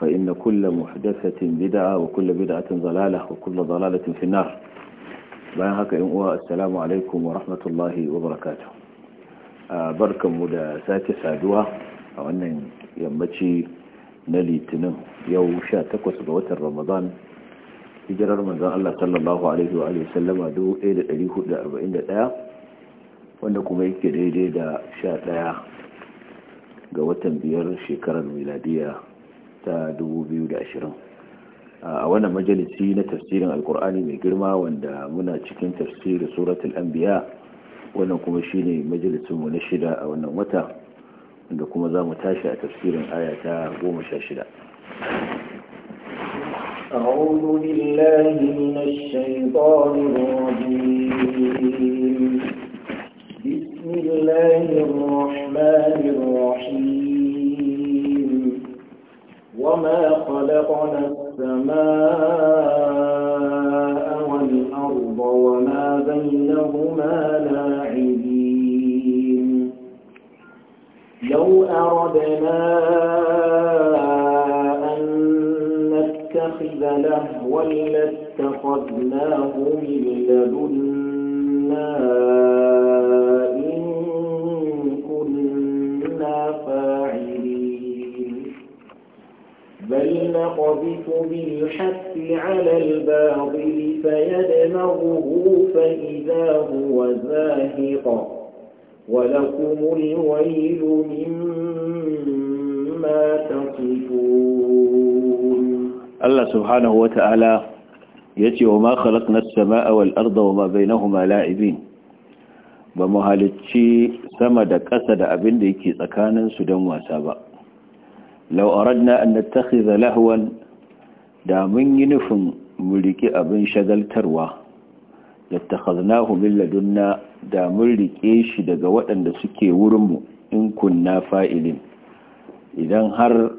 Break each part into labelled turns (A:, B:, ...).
A: فإن كل محدثة بدعة وكل بدعة ضلالة وكل ضلالة في النار bayan haka yan uwa assalamu alaikum wa rahmatullahi wa barakatuh barkanmu da sake saduwa a wannan yammaci na litinin yau 18 ga watan ramadan hijirar manzon Allah sallallahu alaihi wa alihi sallama 1441 wanda kuma yake daidai da sha 11 ga watan biyar shekarar miladiya ta 2020 a wannan majalisi na tafsirin alkur'ani mai girma wanda muna cikin tafsirin suratul anbiya wannan kuma shine majalisinmu na shida a wannan wata da kuma za mu tashi a tafsirin aya ta goma sha shida
B: أعوذ بالله من الشيطان الرجيم بسم الله الرحمن الرحيم وما خلقنا السماء والأرض وما بينهما لاعبين لو أردنا أن نتخذ لهوا لاتخذناه من لدنا نقذف بالحق على الباطل فيدمغه فإذا هو زاهق ولكم الويل مما تصفون
A: الله سبحانه وتعالى يتي وما خلقنا السماء والأرض وما بينهما لاعبين ba mu halicci sama da ƙasa da abin da yake don wasa ba lau aradna an nattakhidha lahwan da mun yi nufin mu abin shagaltarwa lattakhadnahu min ladunna da mun rike shi daga waɗanda suke wurinmu in kunna fa'ilin idan har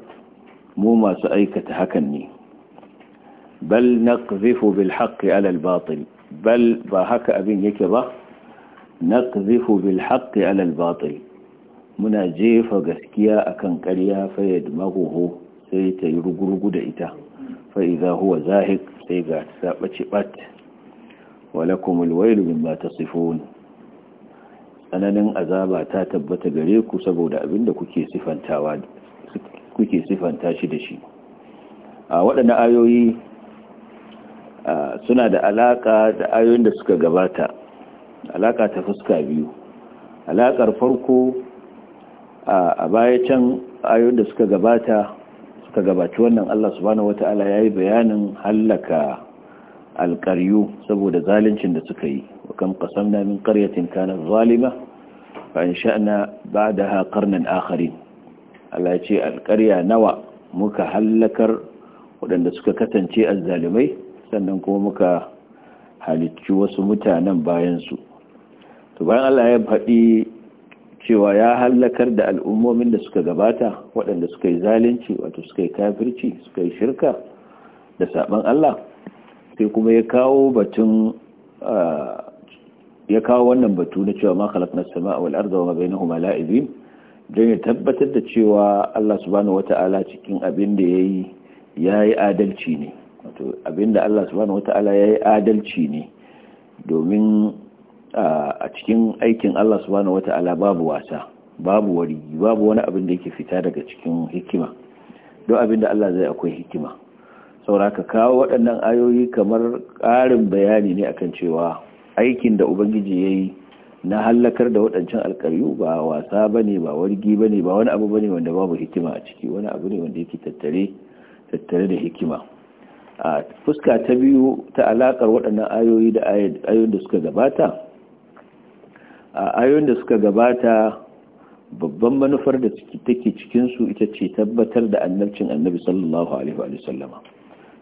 A: mu masu aikata hakan ne bal naqzifu bil haqqi ala al batil bal ba haka abin yake ba naqzifu bil haqqi ala al batil muna jefa gaskiya a akan ƙarya fayyad magoho sai ta yi rugurugu da ita za huwa zahir sai ga ta ɓace ɓat kuma luwai min ba ta ne tsananin azaba ta tabbata gare ku saboda abinda kuke kuke sifanta shi da shi a waɗanda ayoyi suna da alaƙa da ayoyin da suka gabata alaƙa ta fuska biyu alaƙar farko a baya can ayoyin da suka gabata suka gabaci wannan Allah subhanahu wata'ala ya yi bayanin hallaka alkaryu saboda zalincin da suka yi wa kan qasamna min qaryatin kana zalima fa insha'na ba'daha qarnan akharin Allah ce alƙarya nawa muka hallakar waɗanda suka kasance azzalimai sannan kuma muka halicci wasu mutanen bayansu to bayan Allah ya faɗi cewa ya hallakar da al'ummomin da suka gabata waɗanda suka yi zalunci wato suka yi kafirci suka yi shirka da saɓan Allah sai kuma ya kawo batun ya kawo wannan batu na cewa ma na sama a wal arda bai na bainahuma la'ibin don ya tabbatar da cewa Allah bani wata'ala cikin abin da ya yi adalci ne wato abin da Allah wata'ala yayi adalci ne domin a cikin aikin Allah subhanahu wata'ala babu wasa babu wari babu wani abin da yake fita daga cikin hikima don abin da Allah zai akwai hikima sauraka kawo waɗannan ayoyi kamar ƙarin bayani ne akan cewa aikin da ubangiji ya yi na hallakar da waɗancan alƙaryu ba wasa ba ne ba wargi ba ne ba wani abu ba ne wanda babu hikima a ciki wani abu ne wanda yake tattare tattare da hikima a fuska ta biyu ta alaƙar waɗannan ayoyi da ayoyin da suka gabata a ayoyin da suka gabata babban manufar da take cikinsu ita ce tabbatar da annabcin annabi sallallahu alaihi wa sallama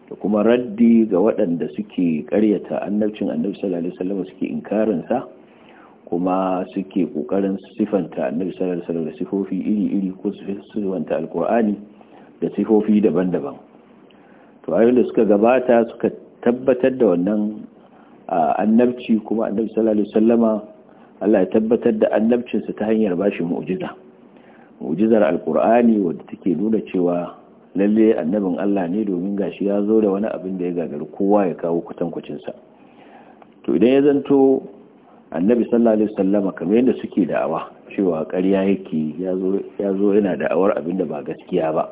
A: da kuma raddi ga waɗanda suke ƙaryata annabcin annabi sallallahu alaihi wa sallama suke inkarinsa kuma suke ƙoƙarin sifanta annabi sallallahu alaihi wa sallam da sifofi iri-iri ko sifanta alkur'ani da sifofi daban-daban to ayoyin da suka gabata suka tabbatar da wannan annabci kuma annabi sallallahu alaihi wa sallama Allah ya tabbatar da annabcinsa ta hanyar bashi mu'jiza mu'jizar alkur'ani wadda take nuna cewa lalle annabin Allah ne domin gashi ya zo da wani abin da ya gagari kowa ya kawo sa to idan ya zanto annabi sallallahu alaihi wasallama kamar yadda suke da'awa cewa ƙarya yake ya zo yana da'awar abin da ba gaskiya ba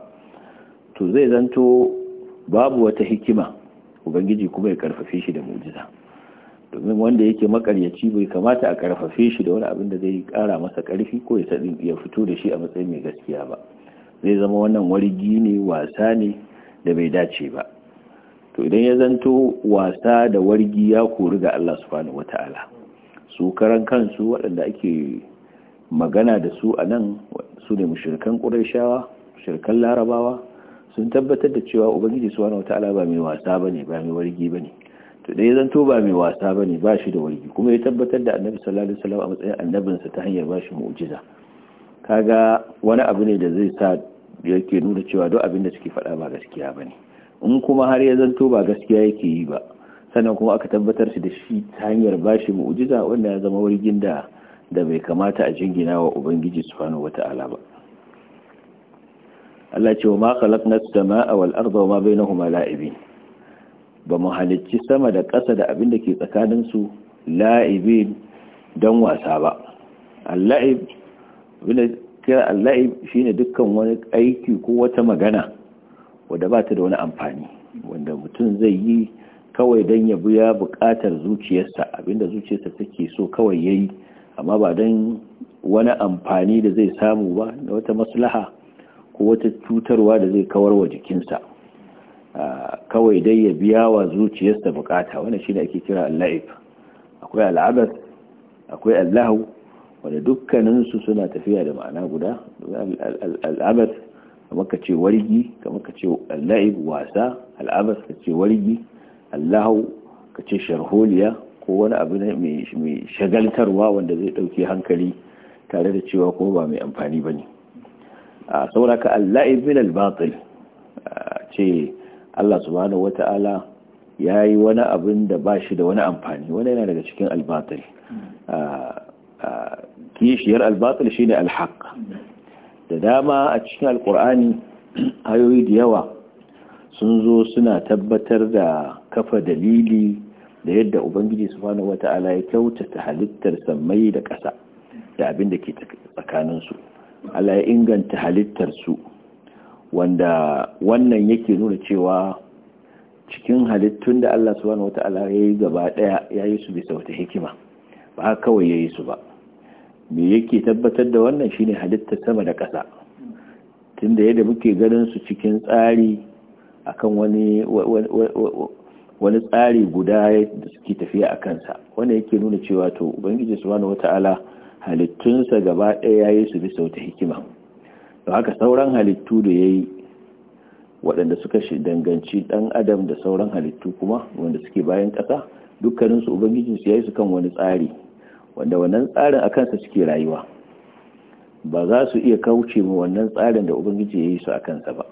A: to zai zanto babu wata hikima ubangiji kuma ya karfafe shi da mu'jiza domin wanda yake makaryaci bai kamata a karfafe shi da wani abin da zai kara masa karfi ko ya fito da shi a matsayin mai gaskiya ba zai zama wannan wargi ne wasa ne da bai dace ba to idan ya zanto wasa da wargi ya kori ga Allah subhanahu wata'ala su karan kansu waɗanda ake magana da su a nan su ne mushirkan ƙurashawa shirkan larabawa sun tabbatar da cewa ubangiji subhanahu wata'ala ba mai wasa bane ba mai wargi bane to ya zan ba mai wasa bane ba shi da wargi kuma ya tabbatar da annabi sallallahu alaihi wasallam a matsayin annabinsa ta hanyar bashi mu'jiza kaga wani abu ne da zai sa yake nuna cewa duk abin da suke faɗa ba gaskiya bane in kuma har ya zanto ba gaskiya yake yi ba sannan kuma aka tabbatar shi da shi ta hanyar bashi mu'jiza wanda ya zama wargin da da bai kamata a jingina wa ubangiji subhanahu wata'ala ba Allah ce wa ma khalaqna as-samaa wal arda wa ma bainahuma la'ibin ba mu halicci sama da ƙasa da abin da ke tsakaninsu la'ibin don wasa ba alla'ib shi ne dukkan wani aiki ko wata magana wadda ba ta da wani amfani wanda mutum zai yi kawai don ya biya buƙatar zuciyarsa abinda zuciyarsa take so kawai ya yi amma ba don wani amfani da zai samu ba da wata maslaha ko wata cutarwa da zai kawar wa jikinsa ah, kawai dai ya biya wa zuciyarsa bukata wannan shine ake kira al-la'ib akwai al-abas akwai allahu wanda dukkaninsu suna tafiya da ma'ana guda al-abas kamar ka ce wargi kamar ka ce al-la'ib wasa al ka ce wargi allahu ka ce sharholiya ko wani abu ne mai shagaltarwa wanda zai dauke hankali tare da cewa ko ba mai amfani bane a sauraka al-la'ib min al-batil ce Allah subhanahu wata'ala ya yi wani abin da ba shi da wani amfani wani yana daga cikin albatil hmm. ah, ah, kishiyar albatil shine alhaq da dama a cikin alkur'ani hayoyi da yawa sun zo suna tabbatar da kafa dalili da yadda ubangiji subhanahu wata'ala ya kyautata halittar sammai da ƙasa da abin da ke tsakaninsu Allah ya inganta halittarsu wanda wannan yake nuna cewa cikin halittun da Allah subhanahu wata'ala ya yi gaba daya ya yi su bisa wata hikima ba kawai ya yi su ba me yake tabbatar da wannan shine halitta sama da ƙasa tunda yadda muke ganin su cikin tsari akan wani wani tsari guda da suke tafiya a kansa wanda yake nuna cewa to ubangiji subhanahu wata'ala halittunsa gaba daya ya yi su bisa wata hikima to haka sauran halittu da ya yi waɗanda suka danganci ɗan adam da sauran halittu kuma wanda suke bayan ƙasa dukkaninsu ubangijinsu ya yi su kan wani tsari wanda wannan tsarin a kansa suke rayuwa ba za su iya kauce mu wannan tsarin da ubangiji ya yi su a kansa ba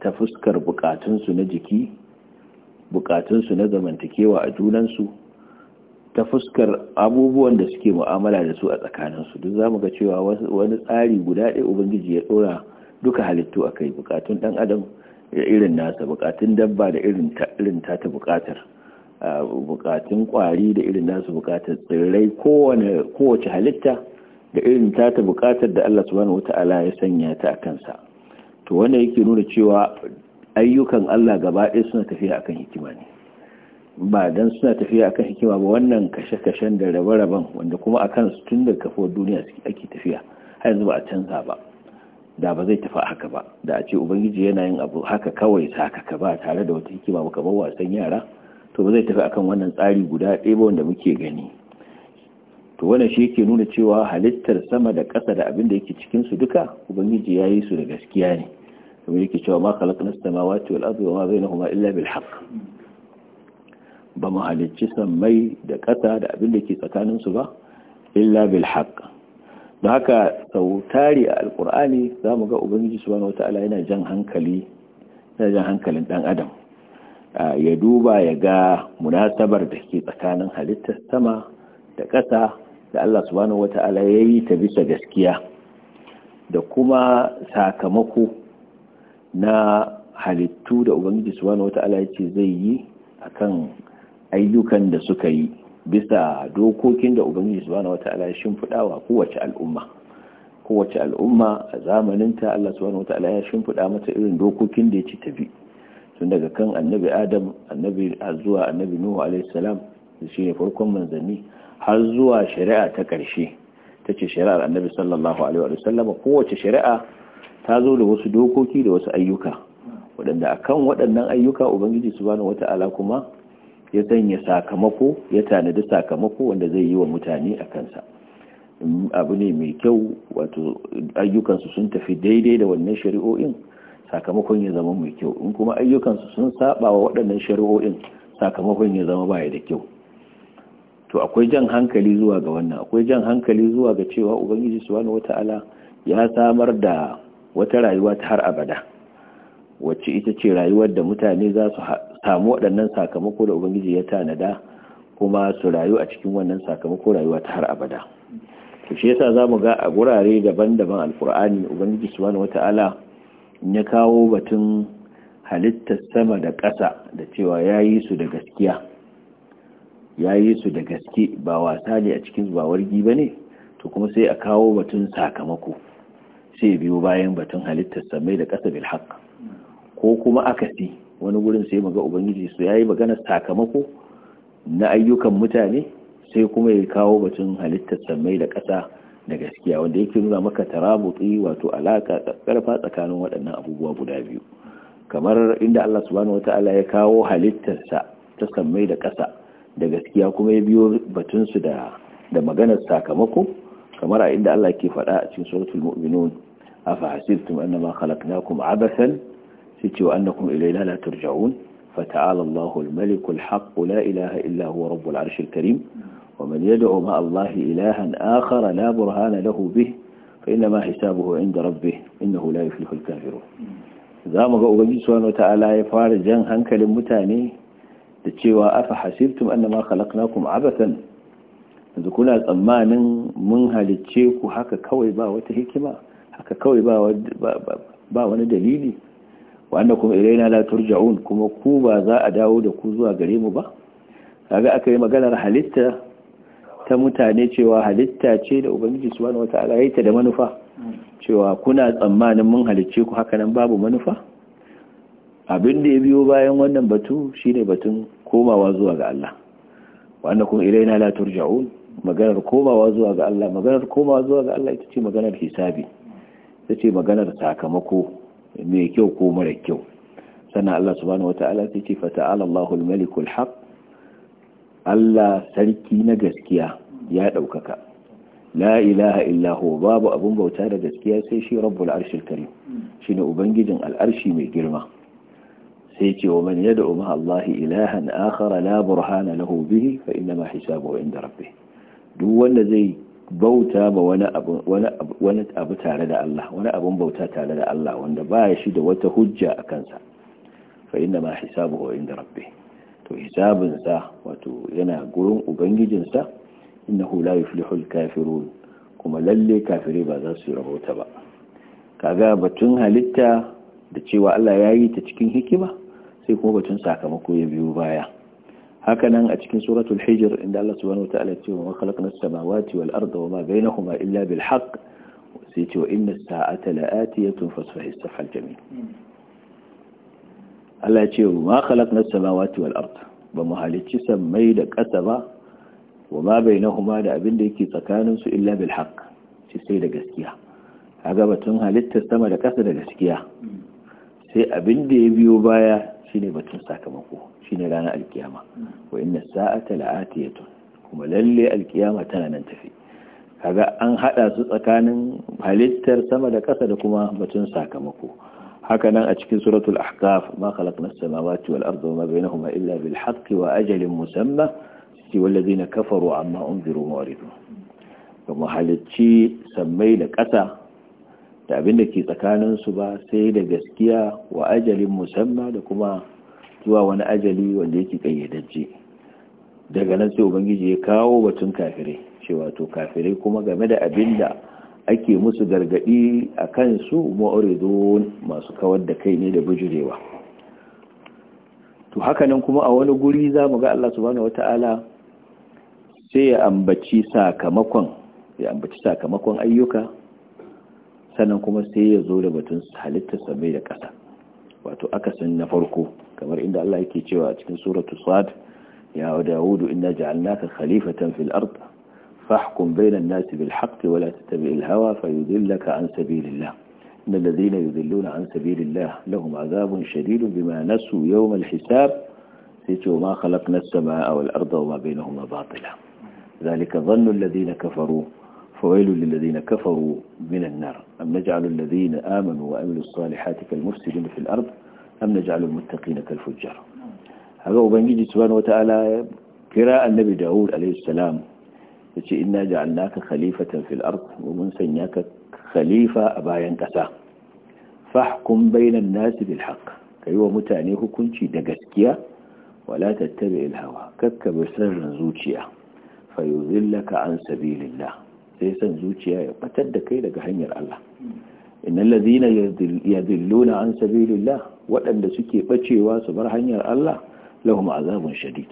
A: ta fuskar bukatunsu na jiki bukatunsu na zamantakewa a junansu ta fuskar abubuwan da suke mu'amala da su a tsakaninsu duk za mu ga cewa wani tsari guda ɗaya ubangiji ya ɗora duka halittu a kai bukatun ɗan adam da irin nasa bukatun dabba da irin ta bukatar bukatun kwari da irin nasu bukatar tsirrai kowace halitta da irin ta ta bukatar da Allah subhanahu wata'ala ya sanya ta a kansa to wanda yake nuna cewa ayyukan Allah gaba ɗaya suna tafiya akan hikima ne ba dan suna tafiya akan hikima ba wannan kashe-kashen da rabe-raben wanda kuma akan su tun da kafuwar duniya su ake tafiya har yanzu ba a canza ba da ba zai tafi haka ba da a ce ubangiji yana yin abu haka kawai haka ka ba tare da wata hikima ba kamar wasan yara to ba zai tafi akan wannan tsari guda ɗaya ba wanda muke gani to wannan shi yake nuna cewa halittar sama da ƙasa da abin da yake cikin su duka ubangiji ya yi su da gaskiya ne kamar yake cewa ma khalaqna as-samawati wal ardi wa ma bainahuma illa bil haqq ba mu halicci sammai da ƙasa da abin da ke tsakaninsu ba illa bil haqq da haka sautari a alkur'ani za mu ga ubangiji subhanahu wata'ala yana jan hankali yana jan hankalin dan adam ya duba ya ga munasabar da ke tsakanin halittar sama da ƙasa da Allah subhanahu wata'ala ya yi ta bisa gaskiya da kuma sakamako na halittu da ubangiji subhanahu wata'ala ya ce zai yi akan ayyukan da suka yi bisa dokokin da ubangiji subhanahu wataala ya shimfiɗa wa kowace al'umma kowace al'umma a zamaninta Allah subhanahu wataala ya shimfiɗa mata irin dokokin da ya ci tafi tun daga kan annabi adam annabi zuwa annabi nuhu alayhi salam shi ne farkon manzanni har zuwa shari'a ta ƙarshe ta ce shari'ar annabi sallallahu alaihi sallam kowace shari'a ta zo da wasu dokoki da wasu ayyuka waɗanda akan waɗannan ayyuka ubangiji subhanahu wata'ala kuma ya sanya sakamako ya tanadi sakamako wanda zai yi wa mutane a kansa abu ne mai kyau wato ayyukansu sun tafi daidai da wannan shari'o'in sakamakon ya zama mai kyau in kuma ayyukansu sun saba wa waɗannan shari'o'in sakamakon ya zama baya da kyau to akwai jan hankali zuwa ga wannan akwai jan hankali zuwa ga cewa ubangiji subhanahu wata'ala ya samar da wata rayuwa ta har abada wacce ita ce rayuwar da mutane za su samu waɗannan sakamako da ubangiji ya tanada kuma su rayu a cikin wannan sakamako rayuwa ta har abada to shi yasa zamu ga a gurare daban-daban alkur'ani ubangiji subhanahu wata'ala ya kawo batun halittar sama da ƙasa da cewa yayi su da gaskiya yayi su da gaske ba wasa ne a cikin ba wargi bane to kuma sai a kawo batun sakamako sai biyo bayan batun halittar samai da ƙasa bil ko kuma aka akasi wani gurin sai muga ubangiji su yayi magana sakamako na ayyukan mutane sai kuma ya kawo batun halittar sammai da ƙasa da gaskiya wanda yake nuna maka tarabuti wato alaka karfa tsakanin waɗannan abubuwa guda biyu kamar inda Allah subhanahu wataala ya kawo halittarsa ta sammai da ƙasa da gaskiya kuma ya biyo batunsu da da maganar sakamako kamar a inda Allah ke faɗa a cikin suratul mu'minun afa hasibtum annama khalaqnakum abathan sai ce wa annakum ilayna la turja'un fata'ala Allahu al-malik al-haqq la ilaha illa huwa rabbul arshil karim ومن يدعو مع الله إلها آخر لا برهان ma به فإنما حسابه عند ربه إنه لا يفلح za mu ga ubangi subhanahu wataala ya fara jan hankalin mutane da cewa afa hasibtum annama khalaqnakum abathan yanzu kuna tsammanin mun halicce ku haka kawai ba wata hikima haka kawai ba wani dalili wa annakum ilaina la turja'un kuma ku ba za a dawo da ku zuwa gare mu ba kaga aka yi maganar halitta ta mutane cewa halitta ce da ubangiji subhanahu wataala yayi ta da manufa cewa kuna tsammanin mun halicce ku haka nan babu manufa abin da ya biyo bayan wannan batu shine batun komawa zuwa ga Allah wa annakum ilaina la turja'un maganar komawa zuwa ga Allah maganar komawa zuwa ga Allah ita ce maganar hisabi ita ce maganar sakamako mai kyau ko mara kyau sannan Allah subhanahu wata'ala ta ce fata Allahul malikul haq Allah sarki na gaskiya ya ɗaukaka la ilaha illahu babu abun bauta da gaskiya sai shi rabbul arshil karim shine ubangijin al'arshi mai girma sai ce wa man yad'u ma Allah ilahan akhar la burhana lahu bihi fa inna ma hisabuhu inda rabbih duk wanda zai bauta ba wani abu tare da Allah wani abu bauta tare da Allah wanda ba shi da wata hujja a kansa fa inda ma hisabu wa inda rabbi to hisabinsa wato yana gurin ubangijinsa innahu la yuflihul kafirun kuma lalle kafire ba za su yi rahota ba kaga batun halitta da cewa Allah ya yi ta cikin hikima sai kuma batun sakamako ya biyo baya haka nan a cikin suratul hijr inda Allah subhanahu wataala ya ce wa khalaqna as-samawati wal arda wama bainahuma illa bil haqq sai ce wa inna as-sa'ata la'atiyatun tun as-safhal jamil Allah ce wa khalaqna samawati wal arda ba mu halicci sammai da ƙasa ba wama bainahuma da abin da yake tsakanin su illa bil haqq sai da gaskiya kaga batun halittar sama da ƙasa da gaskiya hmm. sai abin da ya biyo baya shine batun sakamako shine ranar alkiyama wa inna sa'ata la'atiyatun kuma lalle alkiyama tana nan tafi kaga an hada su tsakanin halittar sama da ƙasa da kuma batun sakamako haka nan a cikin suratul ahqaf ma khalaqna as-samawati wal arda wa ma bainahuma illa bil haqqi wa ajalin musamma sai wallazina kafaru amma unziru mu'ridun kuma halicci sammai da ƙasa da abin da ke tsakaninsu ba sai da gaskiya wa ajalin musamma da kuma zuwa wani ajali wanda yake kayyadajje daga nan sai ubangiji ya kawo batun kafirai cewa to kafirai kuma game da abin da ake musu gargadi a kansu ma'uridun masu kawar da kai ne da bujurewa to hakanan kuma a wani guri za mu ga Allah subhanahu wata'ala sai ya ambaci sakamakon ya ambaci sakamakon ayyuka sannan kuma sai ya zo da batun halittar samai da ƙasa wato akasin na farko kamar inda Allah yake cewa a cikin suratu sad ya dawudu inna ja'alnaka khalifatan fil ard fahkum bainan nas bil haqq wa la tattabi'il hawa إن الذين يذلون عن سبيل الله لهم عذاب شديد بما نسوا يوم الحساب سيتوا ما خلقنا السماء والأرض وما بينهما باطلا ذلك ظن الذين كفروا فويل للذين كفروا من النار أم نجعل الذين آمنوا وأملوا الصالحات كالمفسدين في الأرض am naj'alul muttaqina kal fujjar haka ubangiji subhanahu wata ya kira annabi Dawud alaihi ce yace inna ja'alnaka khalifatan fil ard wa mun sanyaka khalifa a bayan kasa fahkum bainan nas bil haqq kai wa mutane hukunci da gaskiya wala tattabi'il hawa kakka bi sirrin zuciya fayuzillaka an sabilillah sai san zuciya ya batar da kai daga hanyar Allah innal ladhina yadhilluna an sabilillah waɗanda suke ɓacewa su bar hanyar Allah lahum azabun shadid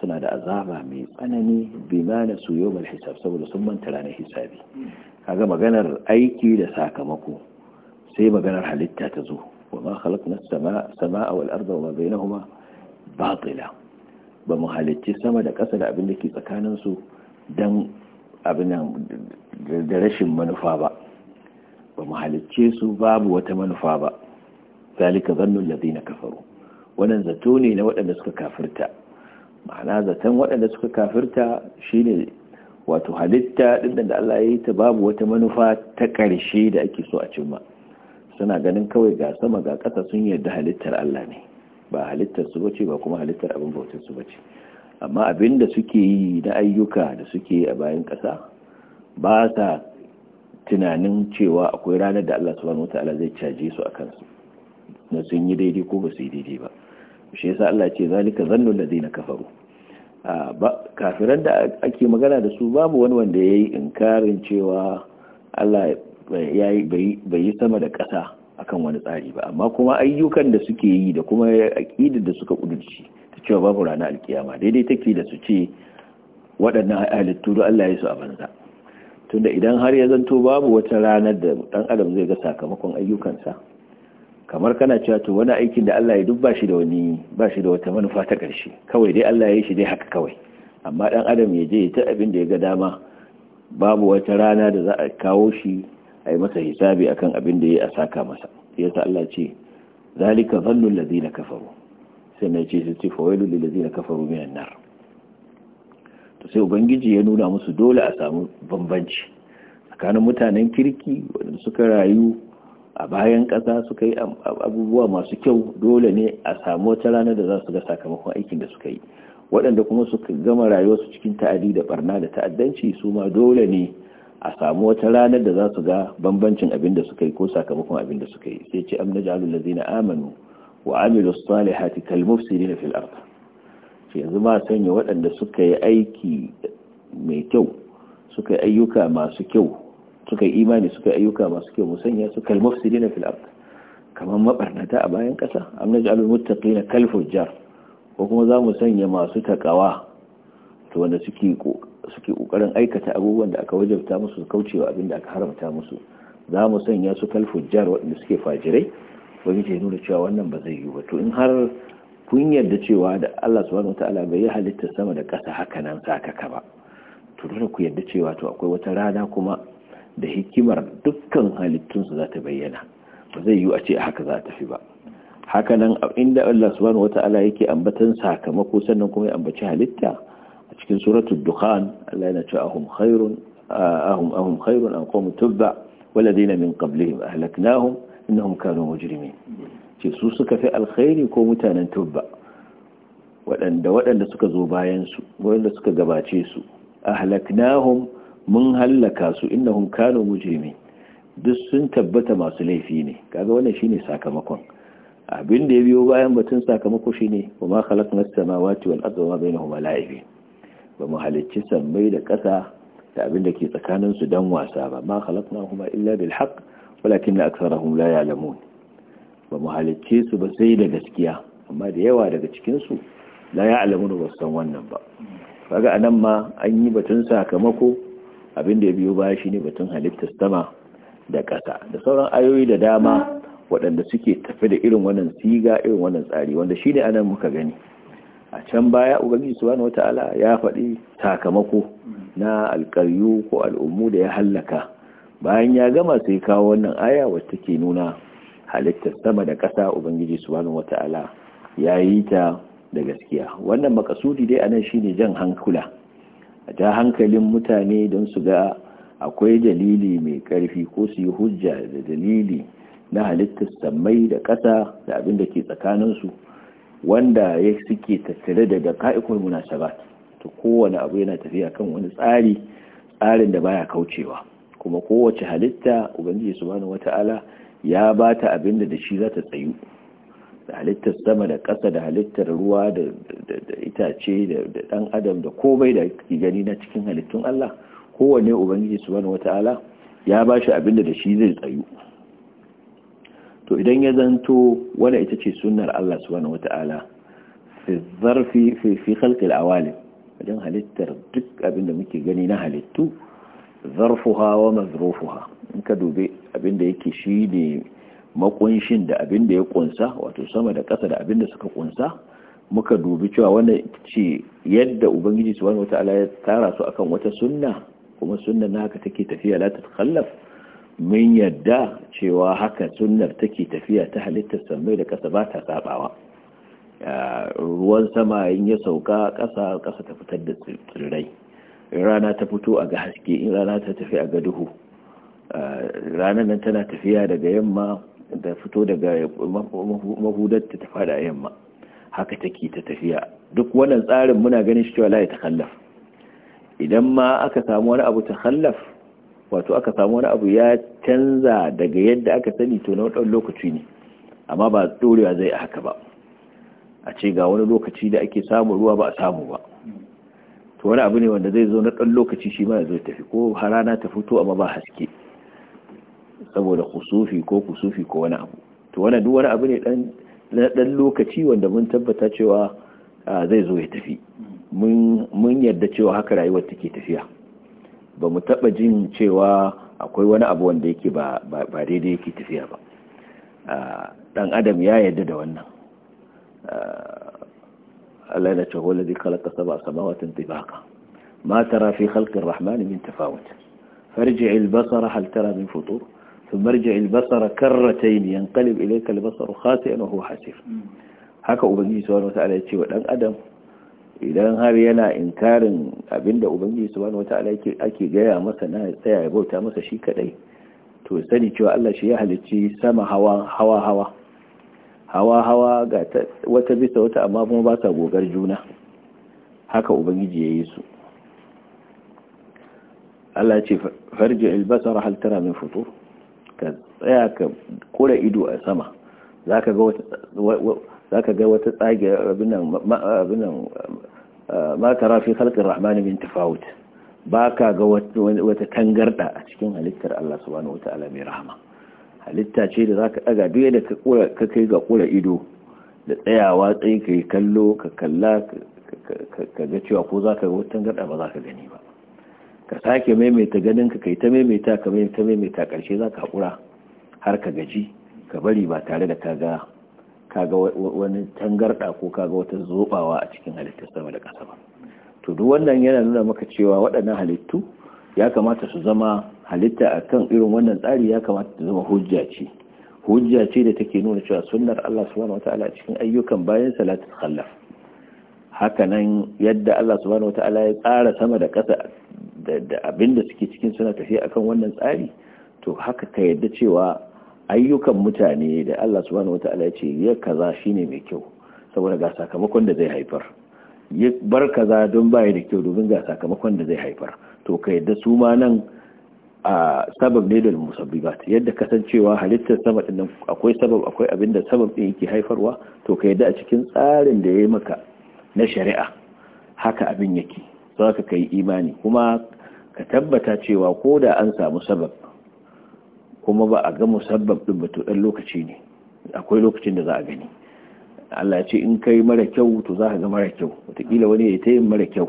A: suna da azaba mai tsanani bima na su hisab saboda sun manta ranar hisabi kaga maganar aiki da sakamako sai maganar halitta ta zo wa ma khalaqna samaa wal arda wa bainahuma batila ba mu halicci sama da ƙasa da abin da ke tsakanin su dan abin da rashin manufa ba mu halicce su babu wata manufa ba zalika zannun ladina kafaru wannan zato ne na waɗanda suka kafirta ma'ana zaton waɗanda suka kafirta shine wato halitta ɗin da Allah ya yi ta babu wata manufa ta ƙarshe da ake so a cimma suna ganin kawai ga sama ga ƙasa sun yarda halittar Allah ne ba halittar su bace ba kuma halittar abin bautar su bace amma abin da suke yi na ayyuka da suke yi a bayan ƙasa ba sa tunanin cewa akwai ranar da Allah subhanahu wata'ala zai caje su akan su na sun yi daidai ko ba su yi daidai ba shi yasa Allah ce zalika zannu ladina kafaru kafiran da ake magana da su babu wani wanda yayi inkarin cewa Allah bai yi sama da ƙasa akan wani tsari ba amma kuma ayyukan da suke yi da kuma aƙidar da suka kudurci ta cewa babu rana alkiyama daidai take da su ce waɗannan halittu da Allah ya su a banza tunda idan har ya zanto babu wata ranar da dan adam zai ga sakamakon ayyukansa kamar kana cewa to wani aikin da Allah ya duk bashi da wani shi da wata manufa ta ƙarshe kawai dai Allah ya yi shi dai haka kawai amma dan adam ya je ya ta abin da ya ga dama babu wata rana da za a kawo shi a yi masa hisabi akan abin da ya a saka masa yasa Allah ce zalika zannul ladina kafaru sai na ce su ce fawailu lil ladina kafaru minan nar sai ubangiji ya nuna musu dole a samu bambanci tsakanin mutanen kirki wadanda suka rayu a bayan ƙasa suka yi abubuwa masu kyau dole ne a samu wata rana da za su ga sakamakon aikin da suka yi waɗanda kuma suka gama rayuwarsu cikin ta'adi da barna da ta'addanci su ma dole ne a samu wata ranar da za su ga bambancin abin da suka yi ko sakamakon abin da suka yi sai ce amna jalul ladina amanu wa amilu salihati kal mufsidina fil ardh ce yanzu ma sanya waɗanda suka yi aiki mai kyau suka yi ayyuka masu kyau suka yi imani suka yi ayyuka masu kyau musanya su kalmar su dina fil'ab kamar mabarnata a bayan ƙasa an na ji'alul muttaqi na jar ko kuma za mu sanya masu takawa to wanda suke ƙoƙarin aikata abubuwan da aka wajabta musu su kaucewa abin da aka haramta musu za mu sanya su jar waɗanda suke fajirai wani ce nuna cewa wannan ba zai yi ba to in har kun yarda cewa da Allah subhanahu wataala bai yi halittar sama da ƙasa haka nan sakaka ba to dole ku yarda cewa to akwai wata rana kuma da hikimar dukkan halittunsu za ta bayyana ba zai yiwu a ce haka za ta fi ba haka nan inda Allah subhanahu wataala yake ambatan sakamako sannan kuma ya ambaci halitta a cikin suratul dukhan Allah yana cewa ahum khairun ahum ahum khairun an qawmu tubba والذين من قبلهم أهلكناهم إنهم كانوا مجرمين ce su suka fi alkhairi ko mutanen tubba waɗanda waɗanda suka zo bayansu waɗanda suka gabace su ahlaknahum mun hallaka su innahum kano mujrimin duk sun tabbata masu laifi ne kaga wannan shine sakamakon abin da ya biyo bayan batun sakamako shine wa ma khalaqna as-samawati wal arda wa bainahuma la'ibin ba mu halicci sammai da ƙasa da abin da ke tsakanin su dan wasa ba ma khalaqnahuma illa bil haqq walakin aktharuhum la ya'lamun ba mu halicce su ba sai da gaskiya amma da yawa daga cikinsu la ya alamu da wasan wannan ba kaga a nan ma an yi batun sakamako abin da ya biyo baya ne batun halittar sama da ƙasa da sauran ayoyi da dama waɗanda suke tafi da irin wannan siga irin wannan tsari wanda shi ne anan muka gani a can baya ubangi subhanahu wataala ya faɗi sakamako na alƙaryu ko al'ummu da ya hallaka bayan ya gama sai kawo wannan aya wacce take nuna halittar sama da ƙasa ubangiji subhanahu wata'ala ya yi ta da gaskiya wannan makasudi dai anan shine jan hankula a ta hankalin mutane don su ga akwai dalili mai ƙarfi ko su yi hujja da dalili na halittar sammai da ƙasa da abin da ke tsakaninsu wanda ya suke tattare daga ka'ikun munasabat to kowane abu yana tafiya kan wani tsari tsarin da baya kaucewa kuma kowace halitta ubangiji subhanahu wata'ala ya ba ta abin da shi za ta tsayu da halittar sama da ƙasa da halittar ruwa da itace da ɗan adam da komai da ke gani na cikin halittun Allah kowane ubangiji subhanahu wata'ala ya ba shi abin da shi zai tsayu to idan ya zanto wani ita ce sunar Allah subhanahu wata'ala fi zarfi fi fi khalqil wajen halittar duk abin da muke gani na halittu zarfuha wa mazrufuha in ka dube abin da yake shi ne makunshin da abin da ya kunsa wato sama da ƙasa da abin da suka kunsa muka dubi cewa wannan ce yadda ubangiji subhanahu wata'ala ya tara su akan wata sunna kuma sunna na haka take tafiya la kallaf min yadda cewa haka sunnar take tafiya ta halittar sammai da kasa ba ta sabawa ruwan sama in ya sauka ƙasa kasa ta fitar da tsirrai rana ta fito a ga haske in rana ta tafi a ga duhu ranar nan tana tafiya daga yamma da fito daga mahudar ta da yamma haka take ta tafiya duk wannan tsarin muna ganin shi cewa la ta takallaf idan ma aka samu wani abu ta takallaf wato aka samu wani abu ya canza daga yadda aka sani to na wadannan lokaci ne amma ba dorewa zai a haka ba a ce ga wani lokaci da ake samu ruwa ba a samu ba to wani abu ne wanda zai zo na ɗan lokaci shi ma ya zo tafi ko har rana ta fito amma ba haske saboda kusufi ko kusufi ko wani abu to wani duk wani abu ne na dan lokaci wanda mun tabbata cewa zai zo ya tafi mun yarda cewa haka rayuwar take tafiya ba mu taba jin cewa akwai wani abu wanda yake ba daidai yake tafiya ba dan adam ya yarda da wannan Allah ya ce wala zai kalaka saba samawatin tibaka ma tara fi khalqir rahman min tafawut farji al basara hal tara min futur ثم ارجع البصر كرتين ينقلب إليك البصر خاسئا وهو حسير haka ubangiji subhanahu wataala ya ce wa dan adam idan har yana inkarin abinda ubangiji subhanahu wataala yake ake gaya masa na tsaya ya bauta masa shi kadai to sani cewa Allah shi ya halicci sama hawa hawa hawa hawa hawa ga wata bisa wata amma kuma ba sa gogar juna haka ubangiji ya yi su Allah ce farji albasara hal tara min futur ka tsaya ka kura ido a sama za ka ga wata tsage abinan matara fi halkar rahmani min tafawut ba ka ga wata tangarda a cikin halittar Allah subhanahu wa ta'ala mai rahama halitta ce da za ka ɗaga duk yadda ka kai ga kura ido da tsayawa tsayi ka yi kallo ka kalla ka ga cewa ko za ka ga wata tangarda ba za ka gani ba ka sake maimaita ganin ka kai ta maimaita ka maimaita maimaita karshe za ka haƙura har ka gaji ka bari ba tare da kaga kaga wani tangarda ko kaga wata zobawa a cikin halittar sama da ƙasa ba to duk wannan yana nuna maka cewa waɗannan halittu ya kamata su zama halitta a kan irin wannan tsari ya kamata su zama hujja ce hujja ce da take nuna cewa sunnar Allah subhanahu wataala cikin ayyukan bayan salatul khallaf haka nan yadda Allah subhanahu wataala ya tsara sama da ƙasa da abinda suke cikin suna tafiya akan wannan tsari to haka ka yadda cewa ayyukan mutane da Allah subhanahu wataala ya ce ya kaza shine mai kyau saboda ga sakamakon da zai haifar ya bar kaza don baya da kyau domin ga sakamakon da zai haifar to ka yadda su ma nan a sabab ne da musabbibat yadda kasancewa halittar sama din akwai sabab akwai abinda sabab din yake haifarwa to ka yadda a cikin tsarin da ya yi maka na shari'a haka abin yake za ka kai imani kuma ka tabbata cewa ko da an samu sabab kuma ba a ga musabbab din ba to dan lokaci ne akwai lokacin da za a gani Allah ce in kai mara kyau to za ka ga mara kyau wataƙila wani ya ta mara kyau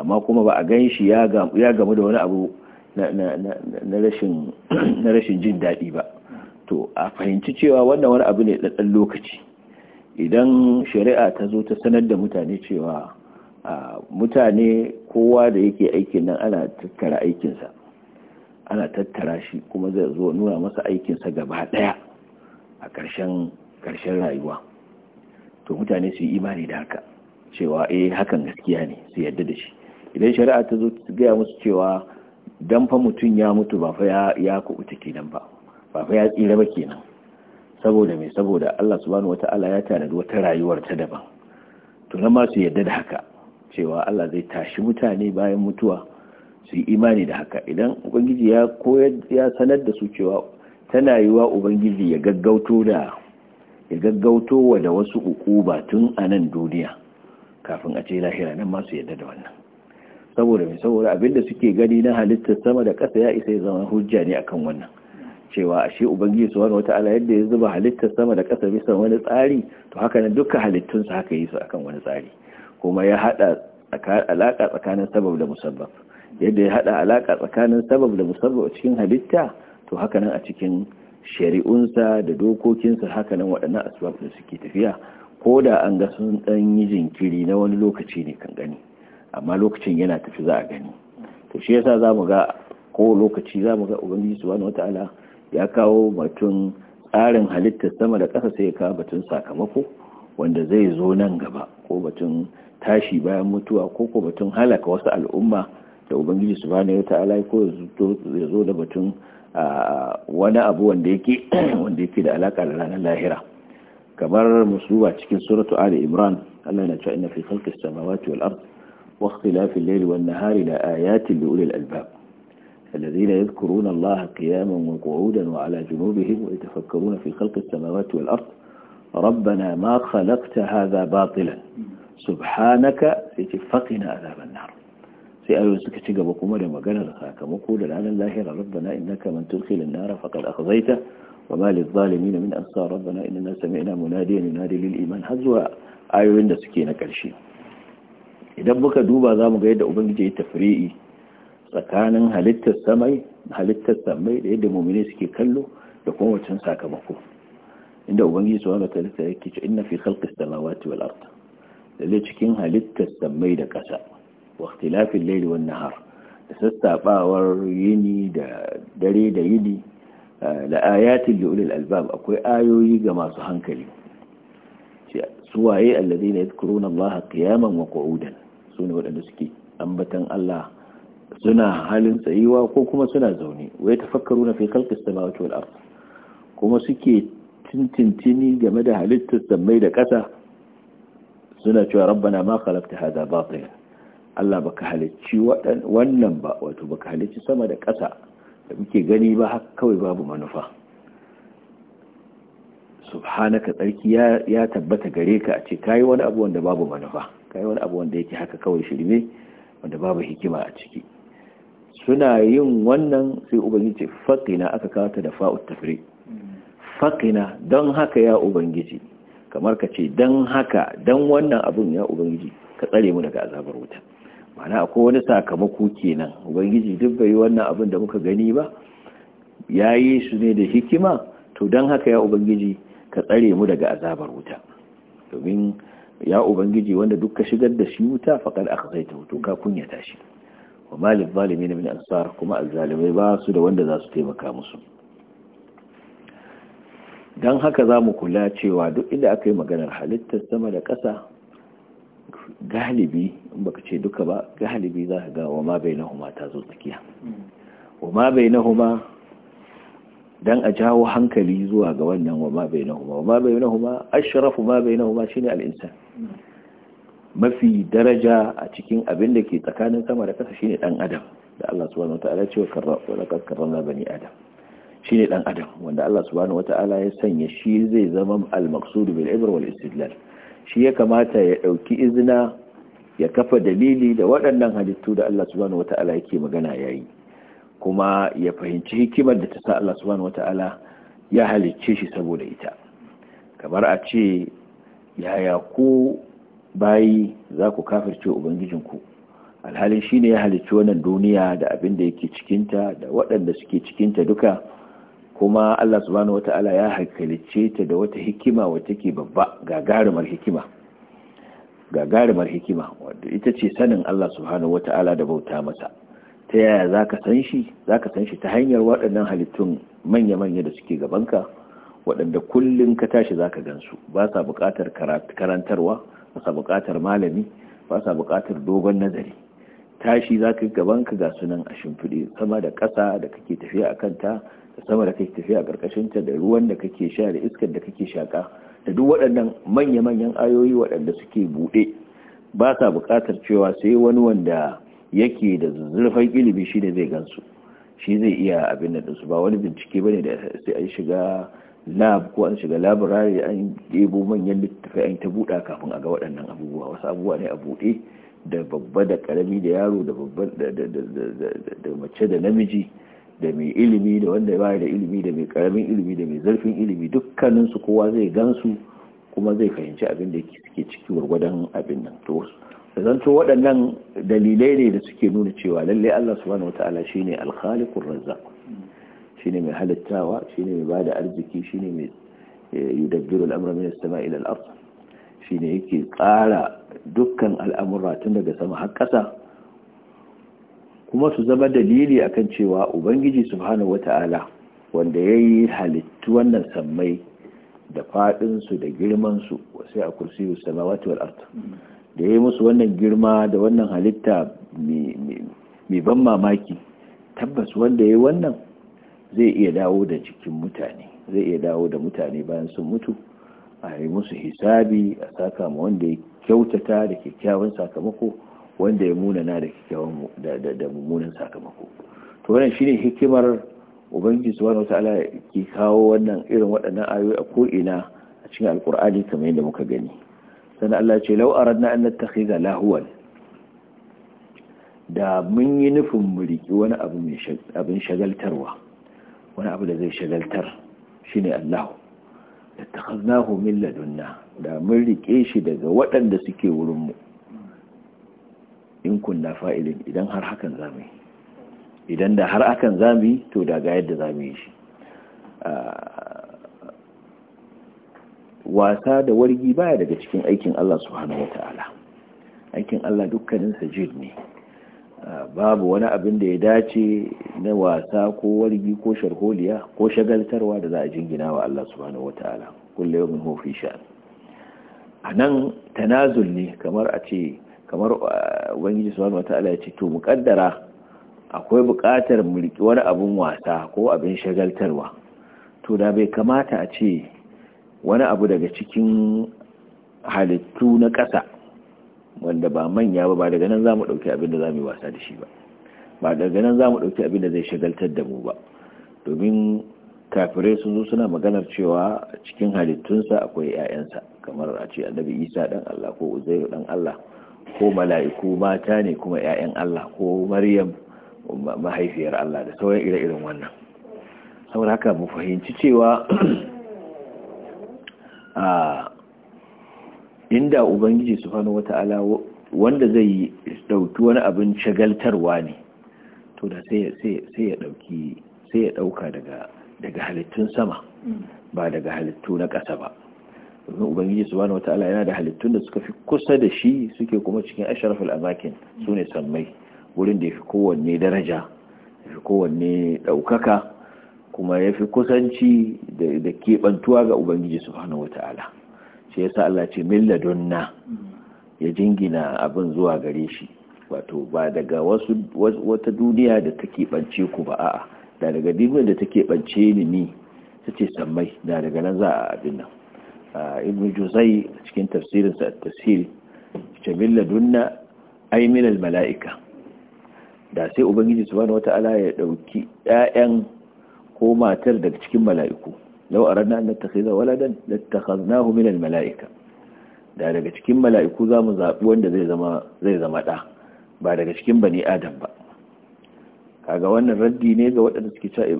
A: amma kuma ba a gan shi ya gamu da wani abu na rashin jin daɗi ba to a fahimci cewa wannan wani abu ne ɗan lokaci idan shari'a ta zo ta sanar da mutane cewa mutane kowa da yake aikin nan ana tattara aikinsa ana tattara shi kuma zai zo nuna masa aikinsa gaba daya a karshen rayuwa to mutane su yi imani da haka cewa eh hakan gaskiya ne su yadda da shi idan shari'a ta zo ta gaya musu cewa dan fa mutum ya mutu ba fa ya kubuta kenan ba ba fa ya tsira ba kenan saboda mai saboda Allah subhanahu wata'ala ya tanadi wata rayuwar ta daban to na masu yadda da haka cewa Allah zai tashi mutane bayan mutuwa su yi imani da haka idan ubangiji ya koyar ya sanar da su cewa tana yiwa ubangiji ya gaggauto wa da wasu ba tun a nan duniya kafin a ce lahira nan masu yadda da wannan saboda mai saboda abinda suke gani na halittar sama da ƙasa ya isa ya zama hujja ne akan wannan cewa ashe ubangiji wata wataala yadda ya zuba halittar sama da ƙasa bisa wani tsari to haka nan dukkan halittun su haka yi su akan wani tsari kuma ya hada alaka tsakanin sabab da musabbab yadda ya haɗa alaka tsakanin sabab da musabbab a cikin halitta to haka nan a cikin shari'unsa da dokokinsa haka nan waɗannan asbab da suke tafiya ko da an ga sun ɗan yi jinkiri na wani lokaci ne kan gani amma lokacin yana tafi za a gani to shi yasa za mu ga ko lokaci za mu ga ubangiji subhanahu wataala ya kawo batun tsarin halittar sama da ƙasa sai ya kawo batun sakamako wanda zai zo nan gaba ko batun tashi bayan mutuwa ko ko batun halaka wasu al'umma da ubangiji su ya ta'ala ko ya zo da batun wani abu wanda yake wanda yake da alaka da ranar lahira kamar musuwa cikin suratu ali imran Allah na cewa inna fi khalqis samawati wal ard wa ikhtilafil layli wan nahari la ayatin li ulil albab الذين يذكرون الله قياما وقعودا وعلى جنوبهم ويتفكرون في خلق السماوات والأرض ربنا ما خلقت هذا باطلا سبحانك اتفقنا عذاب النار سألوا آية أنسك تقب قمر وقال لخاك مقول الآن اللاهر ربنا إنك من تدخل النار فقد أخذيته وما للظالمين من أنصار ربنا إننا سمعنا مناديا ينادي للإيمان هزوا آيوين دسكينك الشيء إذا بك دوبا ذا مقايد وبنجي تفريئي tsakanin halittar samai halittar samai da yadda mummune suke kallo da kuma wancan sakamako inda ubangiji su wa ta'ala yake cewa inna fi khalqis samawati wal ard lalle cikin halittar samai da kasa wa ikhtilafil layli wan nahar da sassaɓawar yini da dare da yini la ayatin li ulil albab akwai ayoyi ga masu hankali su waye alladhina yadhkuruna allaha qiyaman wa qu'udan sune wadanda suke ambatan Allah suna halin tsayuwa ko kuma suna zaune wai tafakkaru na fekal khalqis samawati kuma suke tintintini game da halittar sammai da ƙasa suna cewa rabbana ma khalaqta hadha batila Allah baka halicci wannan ba wato baka halicci sama da ƙasa da muke gani ba haka kawai babu manufa subhanaka tsarki ya tabbata gare ka a ce kayi wani abu wanda babu manufa kayi wani abu wanda yake haka kawai shirme wanda babu hikima a ciki suna yin wannan sai ubangiji faqina aka kawata ta da fa'ut tafri faqina don haka ya ubangiji kamar ka ce don haka don wannan abun ya ubangiji ka tsare mu daga azabar wuta mana akwai wani sakamako kenan ubangiji duk bai wannan abun da muka gani ba ya yi su ne da hikima to don haka ya ubangiji ka tsare mu daga azabar wuta domin ya ubangiji wanda duk ka shigar da shi wuta faƙar aka zai ta to ka kunyata shi wa malik zalimin min ansar kuma azalimai ba su da wanda za su taimaka musu don haka za mu kula cewa duk inda aka yi maganar halittar sama da ƙasa galibi in baka ce duka ba galibi za ka ga wa ma bai ta zo tsakiya wa ma bai nahuma don a jawo hankali zuwa ga wannan wa ma bai nahuma wa ma bai ashrafu ma bai shine al'insan mafi daraja a cikin abin da ke tsakanin sama da kasa shine dan adam da Allah subhanahu wataala ya ce wa karramna bani adam shine dan adam wanda Allah subhanahu wataala ya sanya shi zai zama al-maqsud bil ibr wal istidlal shi ya kamata ya dauki izina ya kafa dalili da waɗannan halittu da Allah subhanahu wataala yake magana yayi kuma ya fahimci hikimar da ta sa Allah subhanahu wataala ya halicce shi saboda ita kamar a ce yaya ku bayi za ku kafirce ubangijinku alhalin shi ne ya halicci wannan duniya da abin da yake cikinta da waɗanda suke cikinta duka kuma Allah subhanahu ta'ala ya halicce ta da wata hikima wata ke babba gagarumar hikima gagarumar hikima wadda ita ce sanin Allah subhanahu ta'ala da bauta masa ta yaya za ka san shi za san shi ta hanyar waɗannan halittun manya-manya da suke gabanka waɗanda kullum ka tashi za ka gansu ba sa buƙatar karantarwa fasa buƙatar malami fasa buƙatar dogon nazari tashi za ka gaban ka ga sunan a shimfiɗe sama da ƙasa da kake tafiya a kanta da sama da kake tafiya a ƙarƙashinta da ruwan da kake sha da iskar da kake shaƙa da duk waɗannan manya-manyan ayoyi waɗanda suke buɗe ba sa buƙatar cewa sai wani wanda yake da zurfan ilimi shi ne zai gansu shi zai iya abin da su ba wani bincike bane da sai an shiga lab ko an shiga labirari an ɗebo manyan littattafai an ta buɗa kafin a ga waɗannan abubuwa wasu abubuwa ne a buɗe da babba da ƙarami da yaro da da mace da namiji da mai ilimi da wanda ba da ilimi da mai ƙaramin ilimi da mai zarfin ilimi dukkaninsu kowa zai gan su kuma zai fahimci abin da suke ciki gwargwadon abin nan to zanto waɗannan dalilai ne da suke nuna cewa lallai Allah subhanahu wataala shine al-khaliqur razzaq shine mai halittawa shine mai bada arziki shine mai eh, yudabbiru al'amura min as-sama' ila al shine yake tsara dukkan al'amura tun daga sama har ƙasa kuma su zama dalili akan cewa ubangiji subhanahu wata'ala wanda yayi halittu wannan sammai da fadin da girman su sai a kursiyu samawati wal ard da yayi musu wannan girma da wannan halitta mai ban mamaki tabbas wanda yayi wannan zai iya dawo da jikin mutane zai iya dawo da mutane bayan sun mutu a yi musu hisabi a saka ma wanda ya kyautata da kyakkyawan sakamako wanda ya munana da kyakkyawan da mummunan sakamako to wannan shine hikimar ubangiji subhanahu wataala ke kawo wannan irin waɗannan ayoyi a ko'ina a cikin alkur'ani kamar yadda muka gani sannan Allah ce lau aradna an ga lahuwan da mun yi nufin mu riki wani abu mai abin shagaltarwa wani abu da zai shagaltar shi ne Allahu, da hu min ladunna da mun rike shi daga waɗanda suke wurin mu in kunna fa'ilin idan har hakan zami idan da har hakan zami to da ga yadda zami shi wasa da wargi baya daga cikin aikin Allah hana wataala aikin Allah dukkanin sajid ne babu wani abin da ya dace na wasa ko wargi ko sharholiya ko shagaltarwa da za a jingina wa Allah subhanahu wataala kullu yawmin hu fi sha'an anan tanazul ne kamar a ce kamar uh, ubangiji subhanahu ta'ala ya ce to muqaddara akwai buƙatar mulki wani abin wasa ko abin shagaltarwa to da bai kamata a ce wani abu daga cikin halittu na ƙasa wanda ba manya ba ba daga nan za mu ɗauki abin da za mu yi wasa da shi ba ba daga nan za mu ɗauki abin da zai shagaltar da mu ba domin kafirai sun zo suna maganar cewa cikin halittunsa akwai 'ya'yansa kamar a ce annabi isa ɗan allah ko uzairu ɗan allah ko mala'iku mata ne kuma 'ya'yan allah ko maryam mahaifiyar allah da sauran ire-iren wannan saboda haka mu fahimci cewa inda ubangiji wata wata'ala wanda zai dauki wani abin shagaltarwa ne to da sai ya dauka daga halittun sama ba daga halittu na ƙasa ba domin ubangiji wata wata'ala yana da halittun da suka fi kusa da shi suke kuma cikin asharaful amakin ne sammai wurin da ya fi kowanne daraja ya fi kowanne daukaka kuma ya fi kusanci da keɓantuwa ga ubangiji wata wata'ala shi yasa Allah ce milladunna ya jingina abin zuwa gare shi wato ba daga wasu wata duniya da take bance ku ba a'a da daga duniya da take bance ni ni tace sammai da daga nan za a abin nan ibn juzai cikin tafsirin sa tafsir ce milladunna ay min malaika da sai ubangiji subhanahu wataala ya dauki ƴaƴan ko matar daga cikin mala'iku lau aradna an nattakhidha waladan lattakhadnahu min almalaika da daga cikin mala'iku za mu zaɓi wanda zai zama ɗa ba daga cikin bani adam ba kaga wannan raddi ne ga waɗanda suke cewa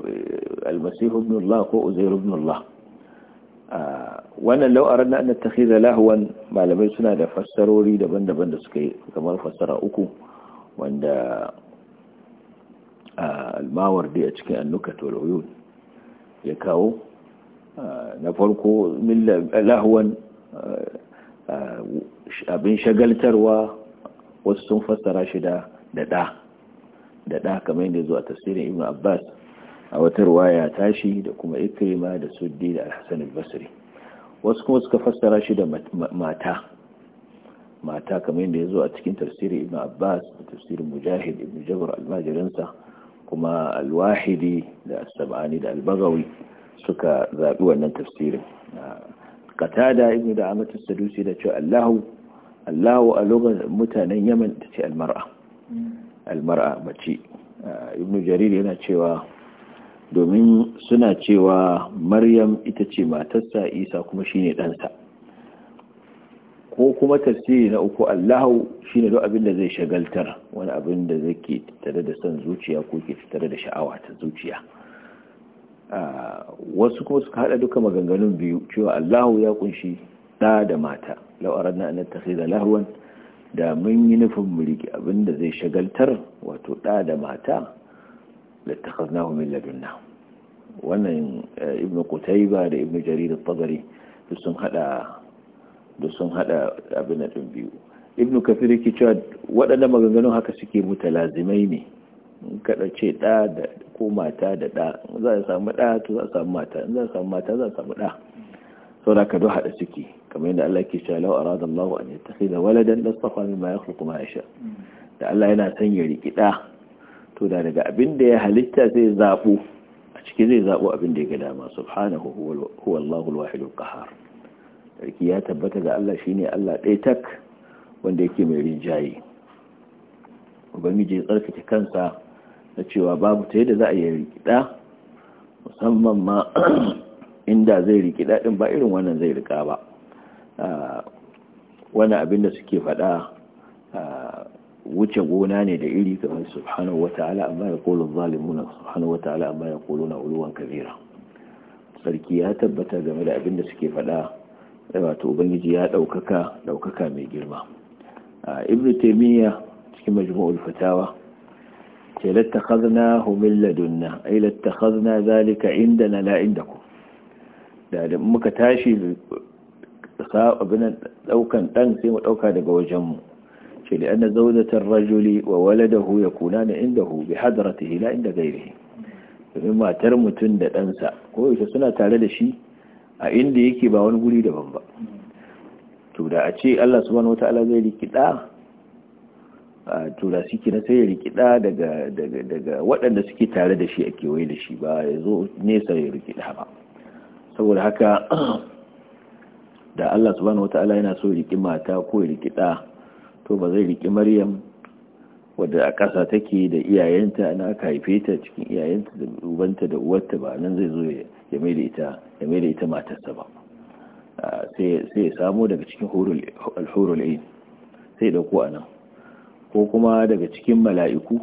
A: almasih ibn Allah ko uzairu ibn Allah wannan law aradna an nattakhidha lahwan malamai suna da fassarori daban-daban da suka yi kamar fassara uku wanda almawardi a cikin annuka wal ya kawo Eh, na farko lahuwan eh, eh, abin shagaltarwa wasu sun fassara shi da daɗa da kamar yadda zuwa tasirin ibn abbas a wata ruwaya tashi da kuma ikrima da suddi da alhassan basri wasu kuma suka fassara shi da mata mata kamar yadda zuwa a cikin tasirin ibn abbas da tasirin mujahid ibn al almajirinsa kuma alwahidi da sab'ani da albagawi suka zaɓi wannan tafsirin katada ah, ibnu da amatu sadusi da cewa allahu allahu a lokacin mutanen yaman ta ce almar'a mm. almar'a mace ah, ibnu jarir yana cewa domin suna cewa maryam ita ce matarsa isa kuma shine ɗansa ko kuma tafsiri na uku allahu shine duk abin da zai shagaltar wani abin da zai ke tattare da son zuciya ko ke tattare da sha'awa ta zuciya wasu kuma suka hada duka maganganun biyu cewa Allahu ya kunshi da da mata law aradna an nattakhidha lahwan da mun yi nufin mulki abinda zai shagaltar wato da da mata lattakhadnahu min ladunna wannan e, ibnu qutayba da ibnu jarir al tabari sun hada da sun hada abin da biyu ibnu kafir yake cewa waɗannan maganganun haka suke mutalazimai ne kada ce da ko mata da ɗa. za a samu ɗa to za a samu mata za a samu mata za a samu da saboda ka do hada suke kamar yadda Allah ke cewa a arada Allah an yattakhidha waladan lastafa mimma yakhluqu ma yasha da Allah yana son ya riki da to da daga abin da ya halitta zai zabo a ciki zai zabo abin da ya ga dama subhanahu huwa Allahul wahidul qahhar sarki ya tabbata ga Allah shine Allah ɗaya tak wanda yake mai rinjaye ubangiji ya tsarkake kansa na cewa babu ta yadda za a yi rikida musamman ma inda zai rikida din ba irin wannan zai rika ba wani abin da suke faɗa wuce gona ne da iri kamar subhanahu wata'ala amma ya kolo zalimuna subhanahu wata'ala amma ya kolo na uluwan kabira sarki ya tabbata game da abin da suke faɗa eh, wato ubangiji ya ɗaukaka ɗaukaka mai girma ibn taimiyya cikin majmu'ul fatawa ce lattakhazna hu min ai lattakhazna zalika indana la indakum da da muka tashi sa abin daukan dan sai mu dauka daga wajen mu ce li anna zawjatar rajuli wa waladahu yakunana indahu bi hadratihi la inda ghairihi domin matar mutum da ɗansa ko suna tare da shi a inda yake ba wani guri daban ba to da a ce Allah subhanahu wataala zai rikida tura suke na sai ya rikida daga waɗanda suke tare da shi a kewaye da shi ba ya zo nesa ya rikida ba saboda haka da Allah subhanahu wata'ala yana so riki mata ko rikida to ba zai riki Maryam wadda a ƙasa take da iyayenta na aka haife ta cikin iyayenta da ubanta da uwarta ba nan zai zo ya mai da ita ya mai da ita matarsa ba sai ya samo daga cikin hurul ain sai ya ɗauko a nan ko kuma daga cikin mala'iku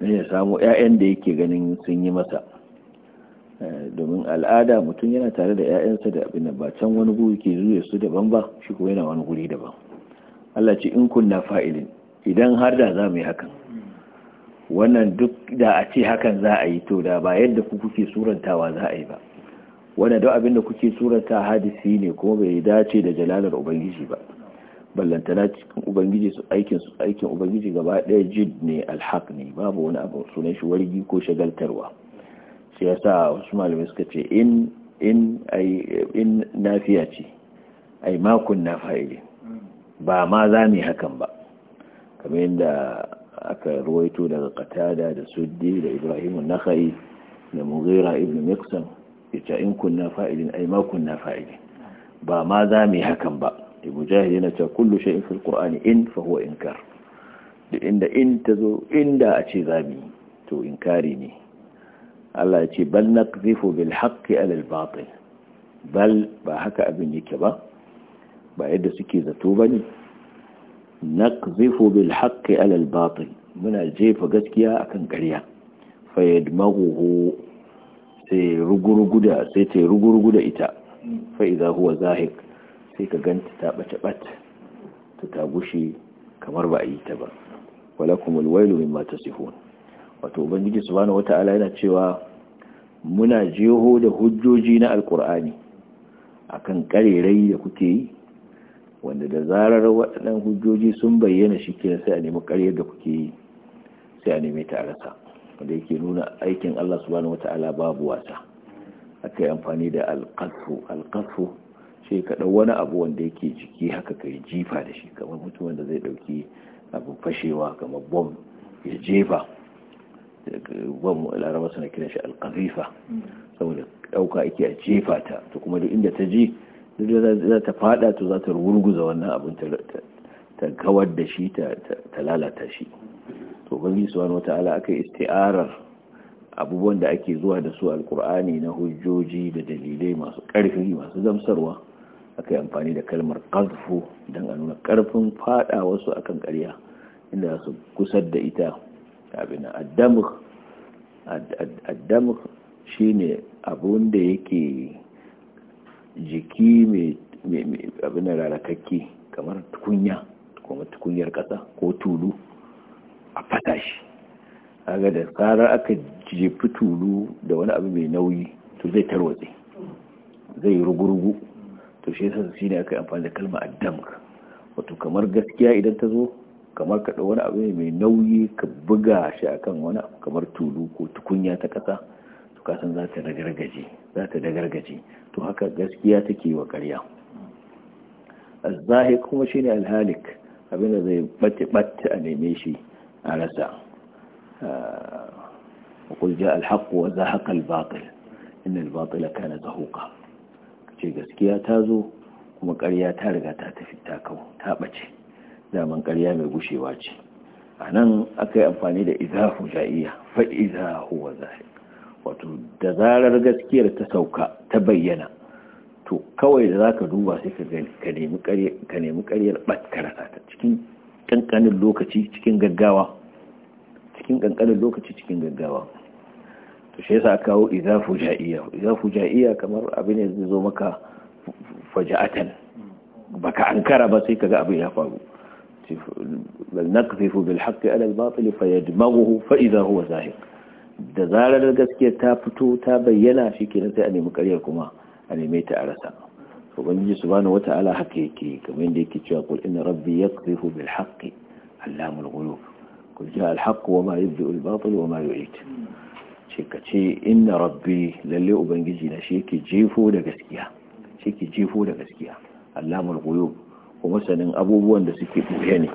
A: don ya samu 'ya'yan da yake ganin sun yi masa eh, domin al'ada mutum yana tare da 'ya'yansa da abin da ba can wani guri ke zuwa su daban ba shi kuma yana wani guri daban Allah ce in kunna fa'ilin idan har da za mu yi hakan wannan duk da a ce hakan za a yi to da ba yadda ku kuke surantawa za a yi ba wanda duk abin da kuke suranta hadisi ne kuma bai dace da jalalar ubangiji ba ballantana cikin ubangiji su aikin su aikin ubangiji gaba ɗaya jid ne alhaq ne babu wani abu sunan shi wargi ko shagaltarwa sai ya sa wasu malamai suka ce in in ai in nafiya ce ai makon na fa'ili ba ma za mu hakan ba kamar yadda aka ruwaito daga qatada da suddi da ibrahim an-nakhai da mughira ibn miqsam yace in kunna fa'ilin ai ma kunna fa'ili ba ma za mu hakan ba da mujahid yana cewa kullu shay'in fil qur'ani in fa huwa inkar duk inda in tazo inda a ce zabi to inkari ne Allah ya ce bal naqzifu bil haqqi ala al batil bal ba haka abin yake ba ba yadda suke zato bane naqzifu bil haqqi ala al batil muna jefa gaskiya akan ƙarya fa yadmaghu sai ruguruguda sai ta ruguruguda ita fa idza huwa zahiq sai ka ganta ta ɓata-ɓat ta ta gushe kamar ba a yi ta ba wala kuma wailu min mata wato ubangiji subhanahu wata'ala yana cewa muna jeho da hujjoji na alkur'ani akan karerai da kuke yi wanda da zarar waɗannan hujjoji sun bayyana shi ke sai a nemi karyar da kuke yi sai a nemi ta a rasa wanda yake nuna aikin Allah subhanahu wata'ala babu wasa akai amfani da alƙasu sai ka ɗau wani abu wanda yake jiki haka ka jifa da shi kamar mutumin da zai ɗauki abu fashewa kamar bom ya jefa bom laraba suna kiran shi alƙazifa saboda ɗauka ake a jefa ta to kuma duk inda ta ji za ta fada to za ta wurguza wannan abin ta kawar da shi ta lalata shi to bangi wata ala aka isti'arar abubuwan da ake zuwa da su alkur'ani na hujjoji da dalilai masu ƙarfi masu zamsarwa aka yi amfani da kalmar ƙazfu don a nuna ƙarfin faɗa wasu akan ƙarya inda su kusar da ita abin Adamu shi ne abun da yake jiki mai abin da rarakakke kamar tukunya kuma tukunyar ƙasa ko tulu a fata shi aga da tsarar aka jefi tulu da wani abu mai nauyi to zai tarwatse zai rugurugu to shi yasa shi ne aka amfani da kalma addamk wato kamar gaskiya idan ta zo kamar ka wani abu mai nauyi ka buga shi akan wani kamar tulu ko tukunya ta kasa to ka san za ta ragargaje za ta dagargaje to haka gaskiya take wa ƙarya azzahi kuma shine alhalik abinda zai bace bace a neme shi a rasa وقل جاء الحق وزهق الباطل إن الباطل كان زهوقا ce gaskiya ta zo kuma ƙarya ta riga ta tafi ta kawo ta ɓace daman ƙarya mai gushewa ce a nan aka yi amfani da izahu ja'iya fa izahu wa zahir wato da zarar gaskiyar ta sauka ta bayyana to kawai da zaka duba sai ka nemi ka nemi ƙaryar ɓatkara ta cikin kankanin lokaci cikin gaggawa cikin kankanin lokaci cikin gaggawa shi yasa kawo idza fujaiya idza fujaiya kamar abin ne zai zo maka faja'atan baka ankara ba sai kaga abin ya faru bal naqzifu bil haqqi ala al batil fayadmaghu fa idza huwa zahir da zarar gaskiya ta fito ta bayyana shi shikenan sai a nemi ƙaryar kuma a neme ta a rasa ubangiji subhanahu wata'ala haka yake kamar yadda yake cewa qul inna rabbi yaqzifu bil haqqi allamul ghuyub qul ja'a al haqq wa ma yubdi al batil wa ma yu'id ce ka ce inna rabbi lalle ubangiji na shi ke jefo da gaskiya shi yake jefo da gaskiya allamul ghuyub kuma sanin abubuwan da suke buye ne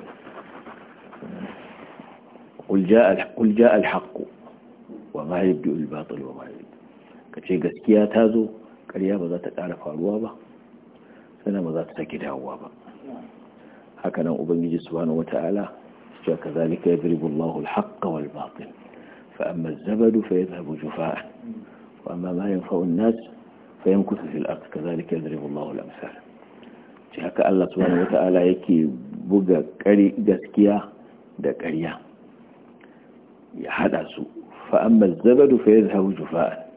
A: qul jaa wa ma yabdu al wa ma ka ce gaskiya ta zo ƙarya ba za ta ƙara faruwa ba sannan ba za ta sake dawowa ba haka nan ubangiji subhanahu wata'ala cewa kazalika yadribu Allahu al-haqq wal batil فأما الزبد فيذهب جفاء وأما ما ينفع الناس فيمكث في الأرض كذلك يضرب الله الأمثال haka Allah subhanahu wata'ala yake buga gaskiya da ƙarya ya hada su fa amma zabadu fa yazhabu jufa'an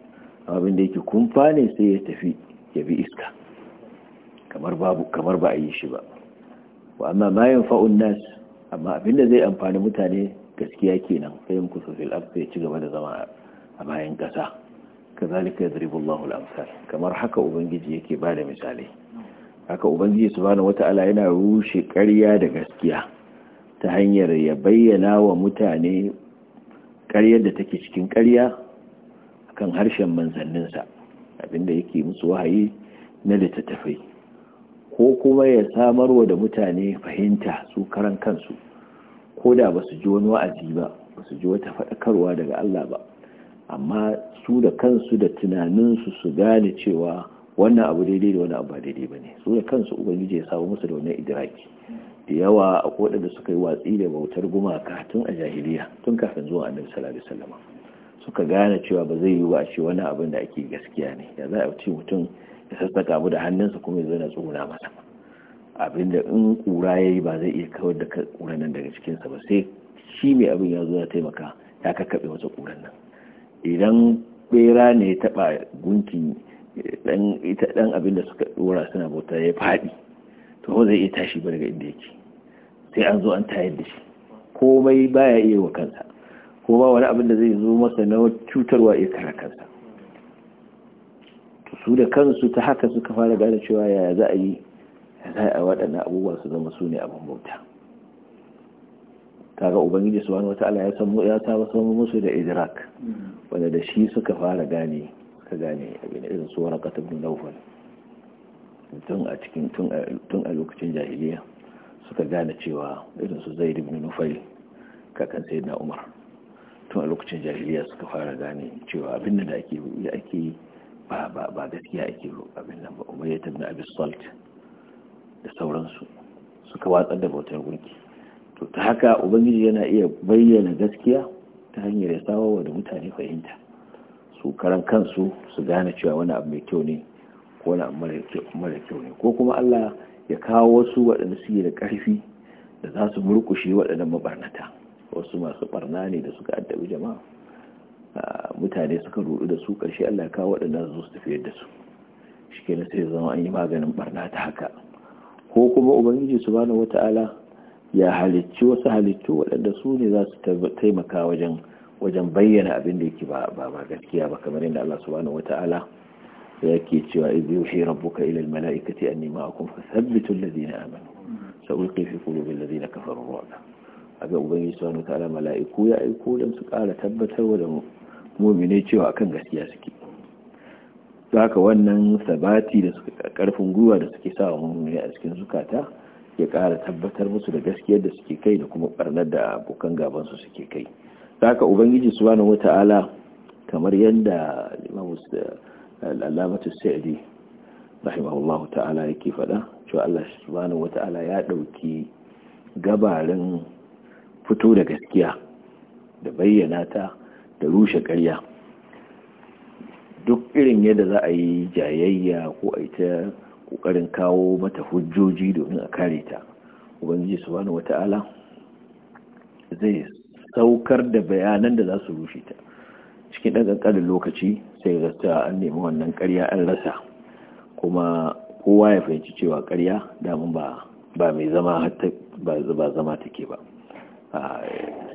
A: abin da yake kumfa ne sai ya tafi ya bi iska kamar babu kamar ba a yi shi ba wa amma ma yanfa'un nas amma abin da zai amfani mutane gaskiya kenan sai muku kusa fil ya ci gaba da zama a bayan kasa zalika ya Allahu Allah kamar haka ubangiji yake ba da misali haka ubangiji wata ala yana rushe karya da gaskiya ta hanyar ya bayyana wa mutane karyar da take cikin ƙarya kan harshen manzanninsa abinda yake musu wahayi na littattafai ko kuma ya samarwa da mutane fahimta su karan kansu ko da ba su ji wani wa'azi ba ba su ji wata faɗakarwa daga Allah ba amma su da kansu da tunaninsu su gane cewa wannan abu daidai da wani abu ba daidai ba ne su da kansu ubangiji ya samu musu da wannan idiraki da yawa a koda da suka yi watsi da bautar gumaka tun a jahiliya tun kafin zuwa annabi sallallahu alaihi wasallam suka gane cewa ba zai yi ba wani abin da ake gaskiya ne ya za a ce mutum ya sassaka abu da hannunsa kuma ya zo na tsuguna masa abinda in kura ya yi ba zai iya kawar da kura nan daga cikinsa ba sai shi mai abin ya zo ya taimaka ya kakkaɓe wata kuran nan idan bera ne ya taɓa gunki ita ɗan abin da suka dora suna bauta ya faɗi to zai iya tashi ba daga inda yake sai an zo an tayar da shi komai baya iya wa kansa ko ba wani abin da zai zo masa na cutarwa iya kara kansa su da kansu ta haka suka fara gane cewa yaya za a yi za a waɗannan abubuwa su zama su ne abin bauta kaga ubangiji su wani wata'ala ya samu ya ta wasu musu da idrak wanda da shi suka fara gane ka gane abin irin su wani ta tun a cikin tun a lokacin jahiliya suka gane cewa irin su zai ribin nufari kakan sai na umar tun a lokacin jahiliya suka fara gane cewa abin da ake yi ba gaskiya ake abin nan ba umar ya tabbata abin salt da sauransu suka watsar da bautar gunki to ta haka ubangiji yana iya bayyana gaskiya ta hanyar ya sawa da mutane fahimta su karan kansu su gane cewa wani abu mai kyau ne ko wani abu mara kyau ne ko kuma Allah ya kawo wasu waɗanda suke da ƙarfi da za su murƙushe waɗannan mabarnata wasu masu ɓarna ne da suka addabi jama'a mutane suka rudu da su ƙarshe Allah ya kawo waɗanda su tafiyar da su shi kenan sai zama an yi maganin ɓarna ta haka ko kuma ubangiji subhanahu wata'ala ya halicci wasu halittu waɗanda su ne za su taimaka wajen wajen bayyana abin da yake ba ba gaskiya ba kamar yadda Allah subhanahu wata'ala yake cewa idh yuhi rabbuka ila malaikati anni ma'akum fathabbitu alladhina amanu sa'ulqi fi qulubi alladhina kafaru ru'ba aga ubangiji subhanahu wata'ala mala'iku ya aiko dan su kara tabbatar da mu'mini cewa akan gaskiya suke zaka wannan sabati da suka karfin gwiwa da suke sawa mummuni a cikin zukata ya kara tabbatar musu da gaskiyar da suke kai da kuma barnar da abokan gaban su suke kai don ubangiji subhanahu wata'ala kamar yadda limamu alamatu sa'idi rahimahullahu ta'ala yake fada cewa Allah subhanahu wata'ala ya dauki gabarin fito da gaskiya da bayyana ta da rushe ƙarya duk irin yadda za a yi jayayya ko a yi ta ƙoƙarin kawo mata hujjoji domin a kare ta ubangiji wata wata'ala zai saukar da bayanan da za su rushe ta cikin ɗan ƙanƙanin lokaci sai ta an nemi wannan ƙarya an rasa kuma kowa ya fahimci cewa ƙarya damun ba mai zama ba zama take ba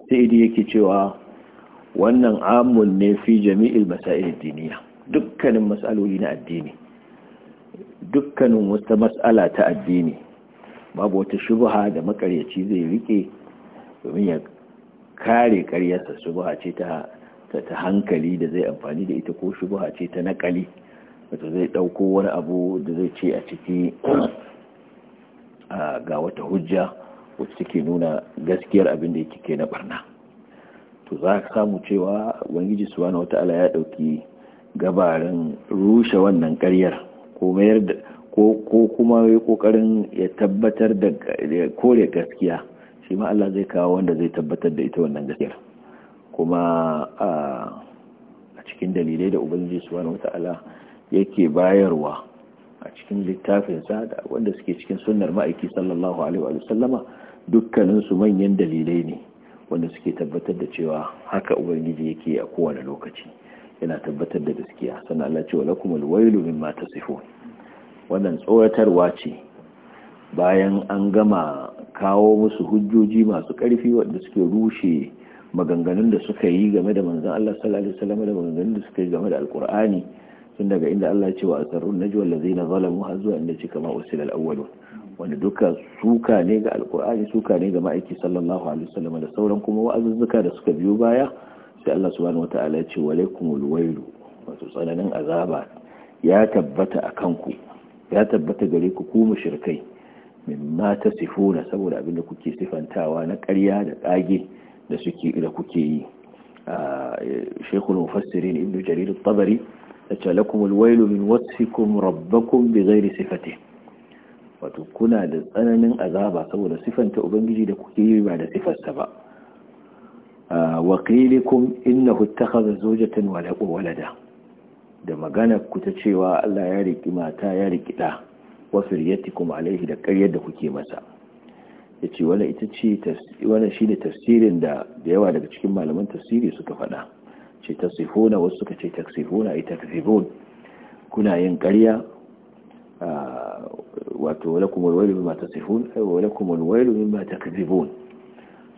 A: sai idi yake cewa wannan amun ne fi jami'il masail diniya dukkanin matsaloli na addini dukkanin wata matsala ta addini babu wata shubha da makaryaci zai rike domin ya kare karyarsa shubha ce ta ta hankali da zai amfani da ita ko shubha ce ta nakali wato zai dauko wani abu da zai ce a ciki ga wata hujja wacce take nuna gaskiyar abin da yake na barna to za ka samu cewa na wata ala ya dauki gabarin rushe wannan karyar ko mayar da ko kuma yi kokarin ya tabbatar da kore gaskiya shi ma Allah zai kawo wanda zai tabbatar da ita wannan gaskiyar kuma a cikin dalilai da ubangiji subhanahu wata'ala yake bayarwa a cikin littafin sa da wanda suke cikin sunnar ma'aiki sallallahu alaihi wa sallama dukkanin manyan dalilai ne wanda suke tabbatar da cewa haka ubangiji yake a kowane lokaci yana tabbatar da gaskiya sannan Allah ce wa lakum alwailu mimma tasifun wannan tsoratarwa ce bayan an gama kawo musu hujjoji masu karfi wanda suke rushe maganganun da suka yi game da manzon Allah sallallahu alaihi da maganganun da suka yi game da alqur'ani tun daga inda Allah ya ce wa asarrun najwa allazina zalamu har zuwa inda ce kama usul alawwalun wanda duka suka ne ga alqur'ani suka ne ga ma'aiki sallallahu alaihi wasallam da sauran kuma wa'azuzzuka da suka biyo baya sai Allah subhanahu wata'ala ya ce walaikumul wailu wato tsananin azaba ya tabbata a kanku ya tabbata gare ku ku mushrikai mimma tasifuna saboda abinda kuke sifantawa na ƙarya da ƙage da suke da kuke yi shaykhul mufassirin ibnu jarir at-tabari yace lakumul wailu min wasfikum rabbakum bighairi sifatihi wato kuna da tsananin azaba saboda sifanta ubangiji da kuke yi ba da sifarsa ba waƙilikum innahu ittakhadha zawjatan wa laqa walada da magana ku ta cewa Allah ya riki mata ya riki da wa kuma alaihi da ƙaryar da kuke masa ya ce wani ita ce shi ne tafsirin da da yawa daga cikin malaman tafsiri suka faɗa ce tasifuna wasu suka ce taksifuna ai takzibun kuna yin ƙarya wato wani kuma walakum alwailu mimma tasifun walakum alwailu mimma takzibun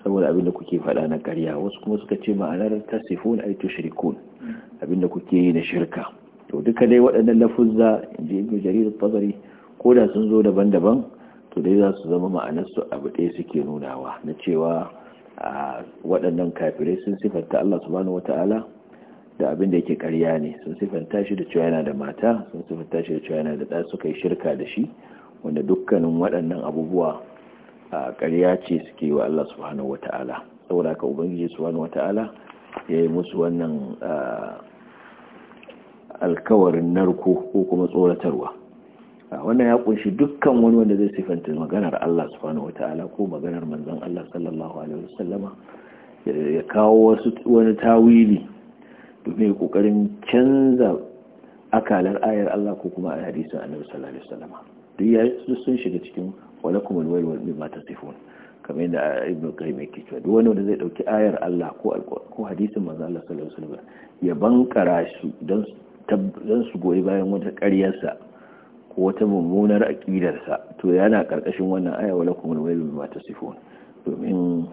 A: saboda abinda kuke faɗa na ƙarya wasu kuma suka ce ma'anar tasifun ay tushrikun abinda kuke yi na shirka to duka dai waɗannan lafuzza inji ibnu jarir al ko da sun zo daban-daban to dai za su zama ma'anar su abu ɗaya suke nunawa na cewa waɗannan kafirai sun sifanta Allah subhanahu wata'ala da abin da yake ƙarya ne sun sifanta shi da cewa yana da mata sun sifanta shi da cewa yana da ɗa suka yi shirka da shi wanda dukkanin waɗannan abubuwa a ƙarya ce suke wa Allah subhanahu ta'ala saboda ka ubangiji subhanahu ta'ala ya yi musu wannan alkawarin narko ko kuma tsoratarwa wannan ya kunshi dukkan wani wanda zai sifanta maganar Allah subhanahu ta'ala ko maganar manzon Allah sallallahu alaihi wasallama ya kawo wasu wani tawili domin kokarin canza akalar ayar Allah ko kuma a hadisin Annabi sallallahu alaihi wasallama duk ya sun shiga cikin walakum alwayl wal mimma tasifun kamar yadda ibnu qayyim yake cewa duk wanda zai dauki ayar Allah ko ko hadisin manzo Allah sallallahu alaihi wasallam ya bankara su dan dan su goyi bayan wata sa ko wata mummunar sa to yana karkashin wannan aya walakum alwayl mimma tasifun domin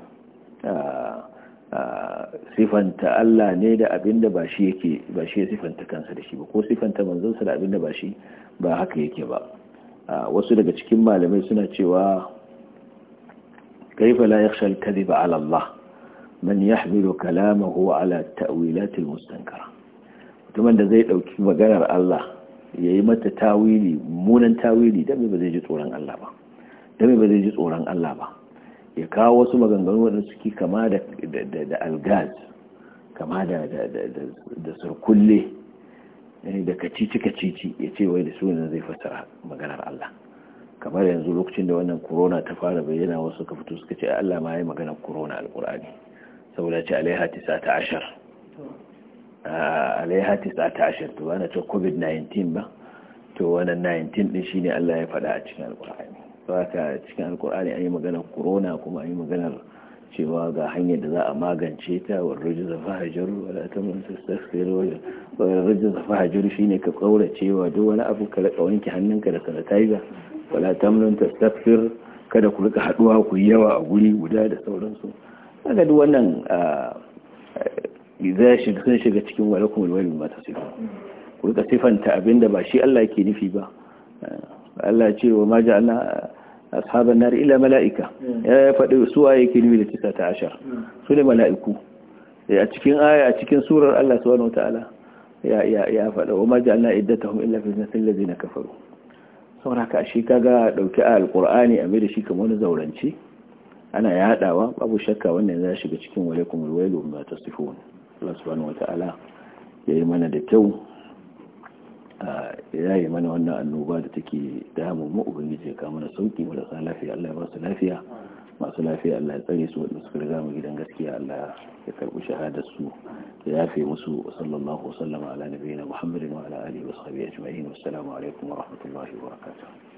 A: sifanta Allah ne da abinda ba shi yake ba shi sifanta kansa da shi ba ko sifanta sa da abinda ba shi ba haka yake ba wasu daga cikin malamai suna cewa kaifa la yakhshal kadhiba ala Allah man yahmilu kalamahu ala ta'wilat al-mustankara mutumin da zai dauki maganar Allah yayi mata tawili munan tawili da ba zai ji tsoron Allah ba da ba zai ji tsoron Allah ba ya kawo wasu maganganu wadanda suke kama da da algaz kama da da da surkulle Eh, da kacici kacici ya ce wai da sunan zai fassara maganar Allah kamar yanzu lokacin da wannan corona ta fara bayyana wasu ka fito suka ce Allah ma ai maganar corona alqur'ani saboda ce alaiha 19 ah, alaiha 19 to ana ce covid-19 ba to wannan 19 din shine Allah ya faɗa a cikin alqur'ani saboda cikin alqur'ani an yi maganar corona kuma an maganar cewa ga hanyar da za a magance ta wa rujin zafa hajjaru wala ta mun wajen rujin zafa hajjaru shi ne ka kaurace cewa, duk wani abu ka rika wanke hannunka da sanitizer wala ta mun kada ku rika haduwa ku yi yawa a guri guda da sauransu kaga duk wannan za shi sun shiga cikin wala kuma wani mata sifa ku rika sifanta abinda ba shi Allah ke nufi ba Allah ce wa ma ja'alna ashaban nar illa mala'ika ya faɗi su waye yake nufi da tisa ta ashar su ne mala'iku a cikin aya a cikin surar Allah subhanahu wataala ya ya ya faɗa wa majalna iddatahum illa fi zinatil na kafaru saboda ka shi ɗauki dauki alqur'ani a mai da shi kamar wani zauranci ana yadawa babu shakka wannan za shiga cikin walaikumul wailu ma tasifun Allah subhanahu wataala mana da kyau ya mana wannan annoba da take damu mu ubangiji ya kama na sauki marasa lafiya Allah ya su lafiya masu lafiya Allah ya tsare su wadda suka riga mu gidan gaskiya Allah ya karbi shahadar su ya yafe musu sallallahu wasallama ala nabiyina Muhammadin wa ala alihi wa sahbihi ajma'in wassalamu alaikum wa rahmatullahi wa barakatuh